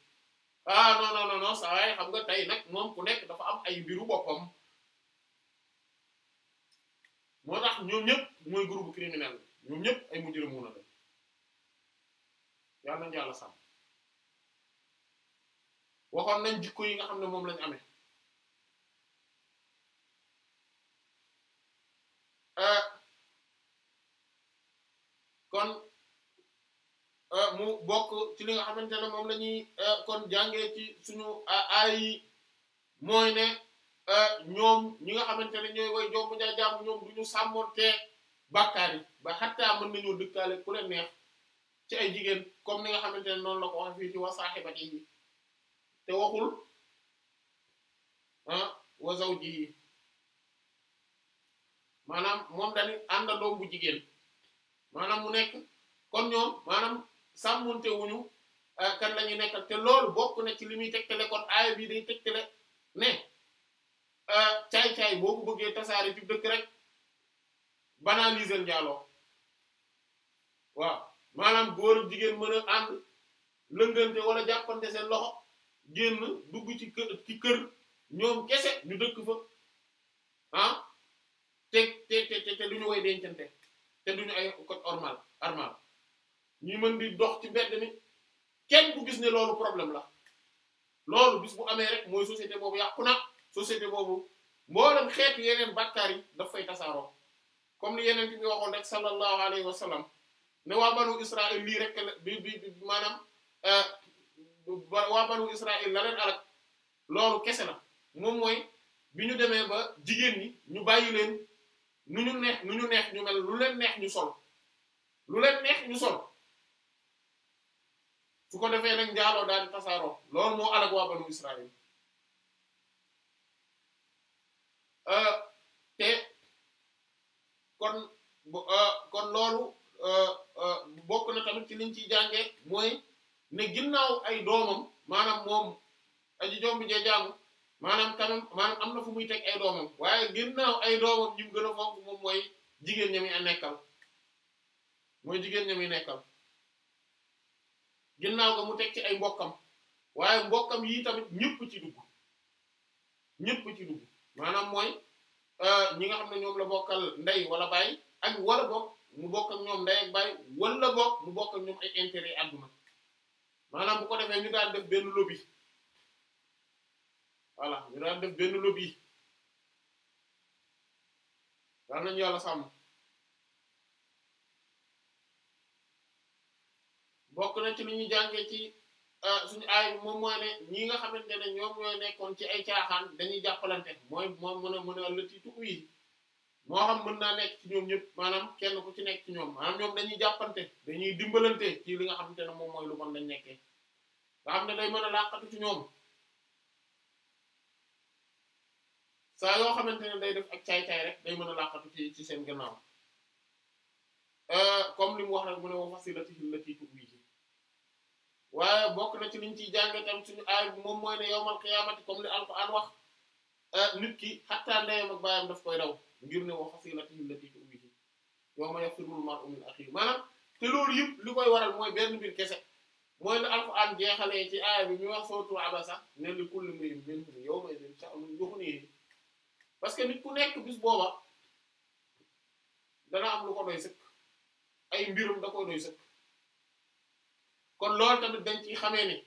ah non non non non saa waaye xam nga tey nag moom ku nekk dafa am ay mbiru boppam moo tax ñoom ñëpp mooy groupe criminel ñoom ñëpp ay mujj la mun a def yàlla nañu yàlla sàmm waxoon nañ jikko yi nga xam ne moom lañ amee euh, kon euh, mu bokk ci li nga xamante ne moom la ñuy euh, kon jàngee ci suñu aay yi mooy ne ñoom ñi nga xamante ne ñooy way jomb jaa ñoom du ñu sàmmoon te bàkkaar yi ba xattaa mën nañoo dëkkaale ku leen neex ci ay jigéen comme ni nga xamante ne noonu la ko waxee fii ci wa saaxibatihi te waxul ah wa zawjihi maanaam moom tamit àndandoo bu jigéen maanaam mu nekk comme ñoom maanaam sàmmonte wuñu ah, kan lañuy ñuy nekkal te loolu bokk na ci li muy te kon aaya bii day tegtale ne ah, caay-caay boo ko bëggee tasaare ci dëkk rek banaliser njaaloo waaw maanaam góor ak jigéen mën a ànd lëngante wala jàppante seen loxo génn dugg ci kër ci kër ñoom kese ñu dëkk fa ah te te te te duñu way dencante te duñu ay code normal normal ñi mën di dox ci mbedd ni kenn bu gis ne loolu problème la loolu gis bu amee rek mooy société boobu yàqu na société boobu mboolem xeetu yeneen bàkkaar yi daf fay tasaaroo comme ni yeneen ki bi waxoon rek sallallahu alayhi wa ne waa banu Israël lii rek la bi bi maanaam euh, waa banu Israël la leen alak loolu kese la moom mooy bi ñu demee ba jigéen ñi ñu bàyyi leen nu ñu neex ñu neex ñu mel lu leen neex ñu sol lu leen neex ñu sol su ko defee nag njaaloo daal di tasaaroo loolu moo alak waa banu Israël euh, te kon euh, kon loolu Euh, euh, bokk na tamit ci liñ ciy jànge mooy ne ginnaaw ay doomam maanaam moom aji jombi jee jaamu maanaam kanam maanaam am na fu muy teg ay doomam waaye ginnaaw ay doomam ñi mu gën a moom mooy jigéen ña muy nekkal mooy jigéen ña muy nekkal ginnaaw ga mu teg ci ay mbokkam waaye mbokkam yi tamit ñëpp ci dugg ñëpp ci dugg maanaam mooy euh, ñi nga xam ne ñoom la bokkal ndey wala baay ak war a bokk mu bokk ak ñoom ndey ak baay wala bokk mu bokk ak ñoom ay intérêt yi àdduna maanaam bu ko defee ñu daal def benn lobby voilà ñu daal def benn lobby daal sàmm bokk na ci lu ñuy jàngee ci euh, suñu aay moom mooy ne ñi nga xamante ne ñoom ñooy nekkoon ci ay caaxaan dañuy jàppalante mooy moom mën a mën a lëtitu uyi moo xam mën naa nekk ci ñoom ñëpp maanaam kenn ku ci nekk ci ñoom maanaam ñoom dañuy jàppante dañuy dimbalante ci li nga xamante ne moom mooy lu bon lañ nekkee ne day mën a laqatu ci ñoom saa yoo xamante ne day def ak caay day mën a laqatu ci ci seen gannaaw euh, comme li mu wax rek mu ne wa fasilatihi allati tuwihi waaye bokk na ci liñ ciy jànge tam suñu aay bi moom mooy ne yawmal qiyaamati comme li alquran wax euh, nit ki xattaa ndeyam ak daf koy daw. ngir ne wa fasilatihi llati tu'wihi yawma yafirrul mar'u min te loolu yëpp li koy waral mooy benn mbir kese mooy la alquran jeexalee ci aaya bi ñu wax sootu abasa ne li kulli imri'in minhum yawma idhin parce que nit ku nekk bis booba dana am lu ko dañ ciy ni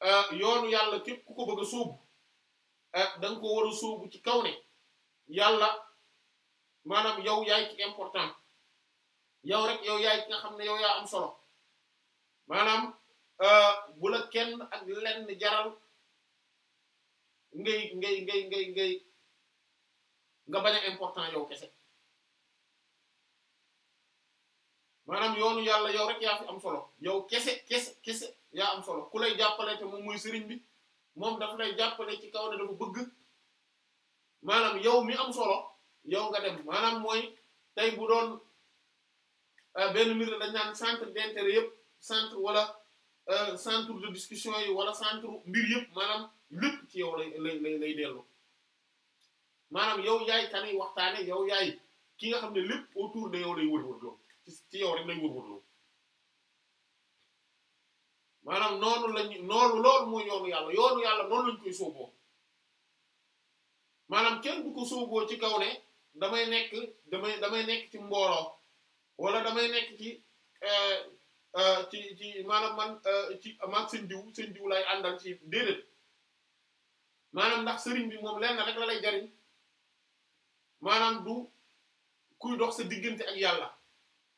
euh, yoonu yàlla képp ku ko bëgg a sóobu euh, ko war a ci kaw ne yàlla maanaam yow yaay ci important yow rek yow yaay ki nga xam ne yow yaa am solo maanaam euh, bu la kenn ak lenn jaral ngay ngay ngay ngay ngay nga bañ a important yow kese maanaam yoonu yàlla yow rek yaa fi am solo yow kese kese kese yaa am solo ku lay jàppale te moom muy sëriñ bi moom dafa lay jàppale ci kaw ne dafa bëgg maanaam yow mi am solo. yow nga dem maanaam mooy tey bu doon euh, benn mbir la dañ naan centre d'intérêt yëpp centre wala euh, centre de discussion yi wala centre mbir yëpp maanaam lépp ci yow lay lay lay dellu maanaam yow yaay tani waxtaane yow yaay ki nga xam ne lépp autour de yow lay wërwërloo ci yow rek lay wërwërloo maanaam noonu lañu noonu loolu mooy yoonu yàlla yoonu yàlla noonu lañ koy sóoboo maanaam kenn du ko sóoboo ci kaw ne damay nekk damay damay nekk ci mbooloo wala damay nekk ci euh, euh, ci ci maanaam man euh, ci man seen diw seen diw lay àndal ci déedéet maanaam ndax sëriñ bi moom lenn rek la lay jariñ maanaam du kuy dox sa diggante ak yàlla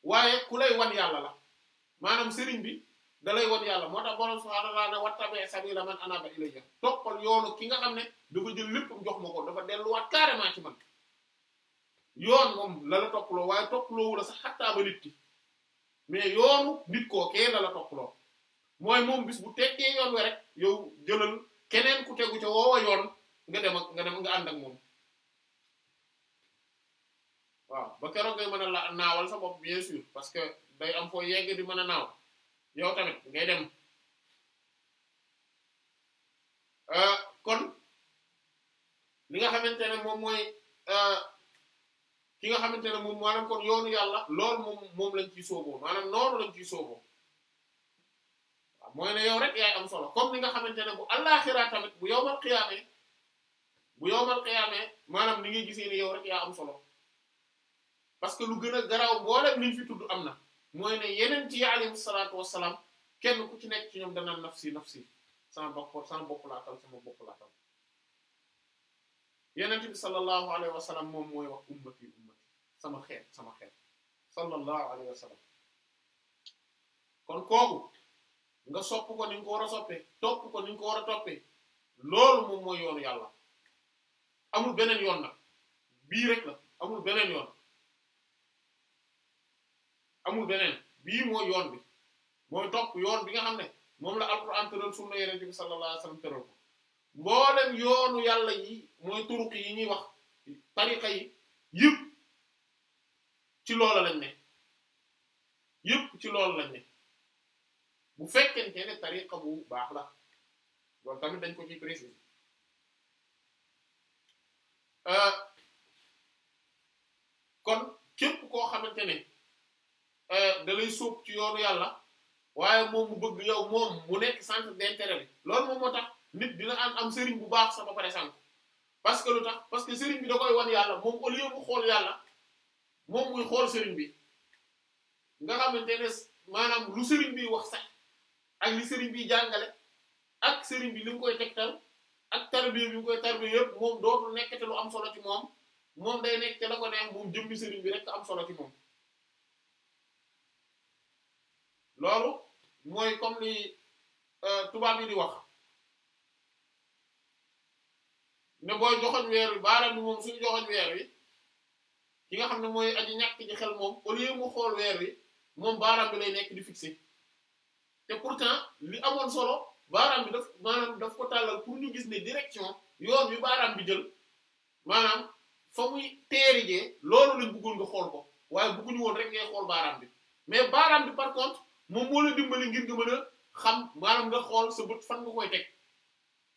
waaye ku lay wan yàlla la maanaam sëriñ bi da lay wan yàlla moo tax borom subhaanahu wa ta'aala wattabi' sabiila man anaaba ilayya toppal yoonu ki nga xam ne dafa jël lépp jox ma ko dafa delluwaat carrément ci man yoon moom la la topploo waaye topploowu la sax xattaa ba nit mais yoonu nit kookee la la topploo mooy moom bis bu teggee yoon we rek yow jëlal keneen ku tegu ca woowa yoon nga dem ak nga dem nga ànd moom ba keroog ngay mën a la naawal sa bopp bien sûr parce que day am foo yegg di mën a naaw yow tamit ngay dem euh, kon li nga xamante ne moom mooy euh, ki nga xamante ne moom maanaam kon yoonu yàlla lool moom moom lañ ciy sooboo maanaam noonu lañ ciy sooboo waaw mooy ne yow rek yaay am solo comme ni nga xamante ne bu àllaaxira tamit bu yowmal qiyaamee bu yowmal qiyaamee maanaam ni ngay gisee ni yow rek yaa am solo parce que lu gën a garaaw boolem liñ fi tudd am na mooy ne yeneen ci alayhi salaatu wassalaam kenn ku ci nekk ci ñoom danaan nafsi nafsi sama bopp sama bopp laa tal sama bopp laa tal yeneen bi sallallahu moom mooy wax sama xeet sama xeet sallallahu alayhi wa sallam kon kooku nga sopp ko ni nga ko war a soppee topp ko ni nga ko war a toppee loolu moom mooy yoonu yàlla amul beneen yoon na bii rek la amul beneen yoon amul beneen bii mooy yoon bi mooy topp yoon bi nga xam ne moom la alquran tëral sunna yonent bi sallallahu wa sallam tëral ko mboolem yoonu yàlla yi mooy turuq yi ñuy wax tariqa yi yëpp ci loola lañ ne yëpp ci loola lañ ne bu fekkente ne tariqa bu baax la loolu tamit dañ ko ci préciser euh, kon képp koo xamante ne euh, da lay sóob ci yoonu yàlla waaye moom mu bëgg yow moom mu nekk centre d'intérêt bi loolu moom moo tax nit dina am am sëriñ bu baax sa ba pare sànq parce que lu tax parce que sëriñ bi da koy wan yàlla moom au lieu xool yàlla moom muy xool sëriñ bi nga xamante ne maanaam lu sëriñ biy wax sax ak li sëriñ bi jàngale ak sëriñ bi li mu koy tegtal ak tarbiya bi mu koy tarbiya yëpp moom dootul nekk lu am solo ci moom moom day nekk te la ko neex moom jëmmi sëriñ bi rek am solo ci moom loolu mooy comme ni euh, tubaab yi di wax ne booy joxoñ weer wi baaraam bi moom suñu joxoñ weer wi ki nga xam ne mooy aji ñàkk ji xel moom au lieu mu xool leer wi moom baaraam bi lay nekk di fixé te pourtant li amoon solo baaraam bi daf maanaam daf ko tàllal pour ñu gis ne direction yoon bi baaraam bi jël maanaam fa muy teerijee loolu lañ xool ko waaye bëgguñu woon rek ngay xool bi mais baaraam bi par contre moom moo la dimbali ngir nga mën a xam maanaam nga xool sa bët fan nga koy teg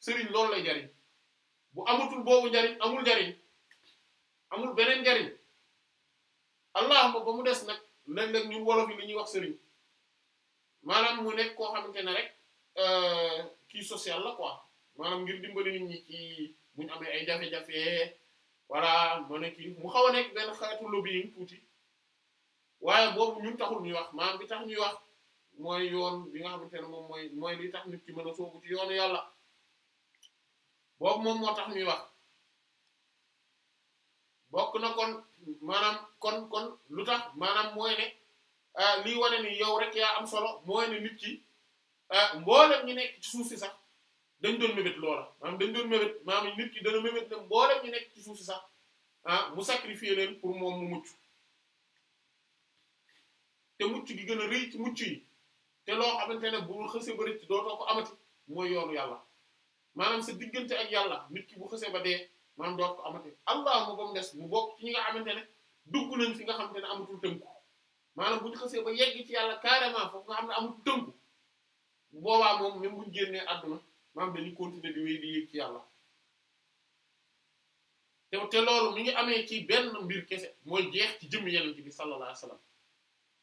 sëriñ loolu lay jariñ bu amatul boobu njariñ amul njariñ amul beneen njariñ allahuma ba mu des nag léeg-léeg ñun wolof yi li ñuy wax sëriñ maanaam mu nekk koo xamante ne rek euh, kii social la quoi maanaam ngir dimbali nit ñi ci bu ñu amee ay jafe-jafe voilà mën a kii mu xaw a nekk benn xeetu lobby yi tuuti waaye boobu ñun taxul ñuy wax maanaam bi tax ñuy wax mooy yoon bi nga xamante ne moom mooy mooy li tax nit ki mën a soobu ci yoonu yàlla boobu moom moo tax ñuy wax. bokk na kon maanaam kon kon lu tax maanaam mooy ne ah, liy wane ni yow rek yaa am solo mooy ne nit ki ah, mboolem ñi nekk ci suuf si sax dañ doon mébét loola maanaam dañ doon mébét maanaam nit ki dana mébét ne mboolem ñi nekk ci suuf si sax ah mu sacrifier leen pour moom mu mucc te mucc gi gën a rëy ci mucc yi te loo xamante ne bu xëse ba rëcc dootoo ko amati mooy yoonu yàlla maanaam sa diggante ak yàlla nit ki bu xëse ba dee maanaam doot ko amati allahuma ba mu des mu bokk ci ñi nga xamante ne dugg nañ fi nga xamante ne amatul tënku maanaam bu ñu xasee ba yegg ci yàlla carrément foofu nga xam ne amatul tënku boobaa moom même bu àdduna maanaam dañuy continuer di wéy di yéeg ci te te loolu mi ngi amee ci benn mbir kese mooy jeex ci jëmm yeneen bi sallallahu alayhi wasallam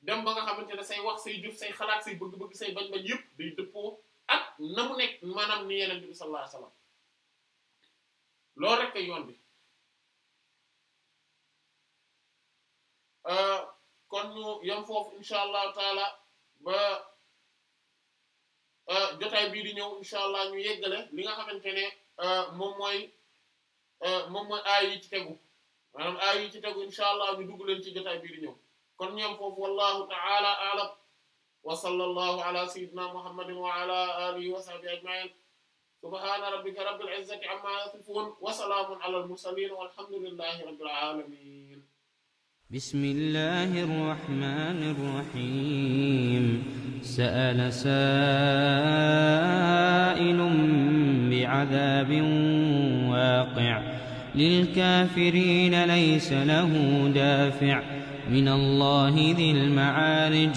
dem ba nga xamante ne say wax say jëf say xalaat say bëgg-bëgg say bañ-bañ yëpp day dëppoo ak na mu nekk maanaam ni yeneen bi sallallahu alayhi wasallam loolu rek yoon bi euh, kon ñu yem foofu incha allahu taala ba euh, jotaay bii di ñëw incha allah ñu yeggale li nga xamante ne euh, moom mooy moom mooy aay yi ci tegu maanaam aay ci tegu incha allah ñu dugg leen ci jotaay bii di ñëw kon ñu yem foofu wallahu taala a'lam wa sallallahu ala sayyidina muhammadin wa alihi wa sahbihi ajma'in subhaana rabbika rabbil izzati amma yasifuun wa salaamun alal mursaliin walhamdulillaahi rabbil aalamiin bismillaahir rahmaanir rahiim sa'ala saa'ilun bi'adaabin waaqi' lil kaafiriina laysa lahu daafi' minallaahi dhil ma'aarij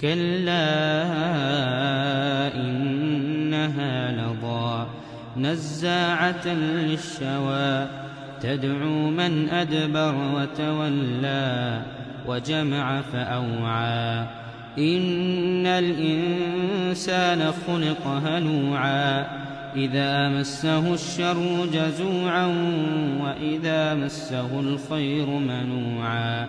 كلا إنها لظى نزاعة للشوى تدعو من أدبر وتولى وجمع فأوعى إن الإنسان خلق هلوعا إذا مسه الشر جزوعا وإذا مسه الخير منوعا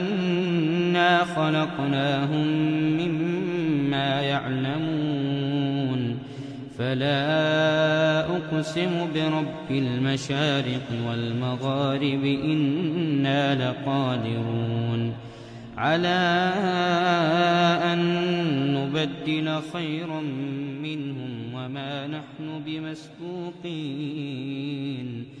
إنا خلقناهم مما يعلمون فلا أقسم برب المشارق والمغارب إنا لقادرون على أن نبدل خيرا منهم وما نحن بمسبوقين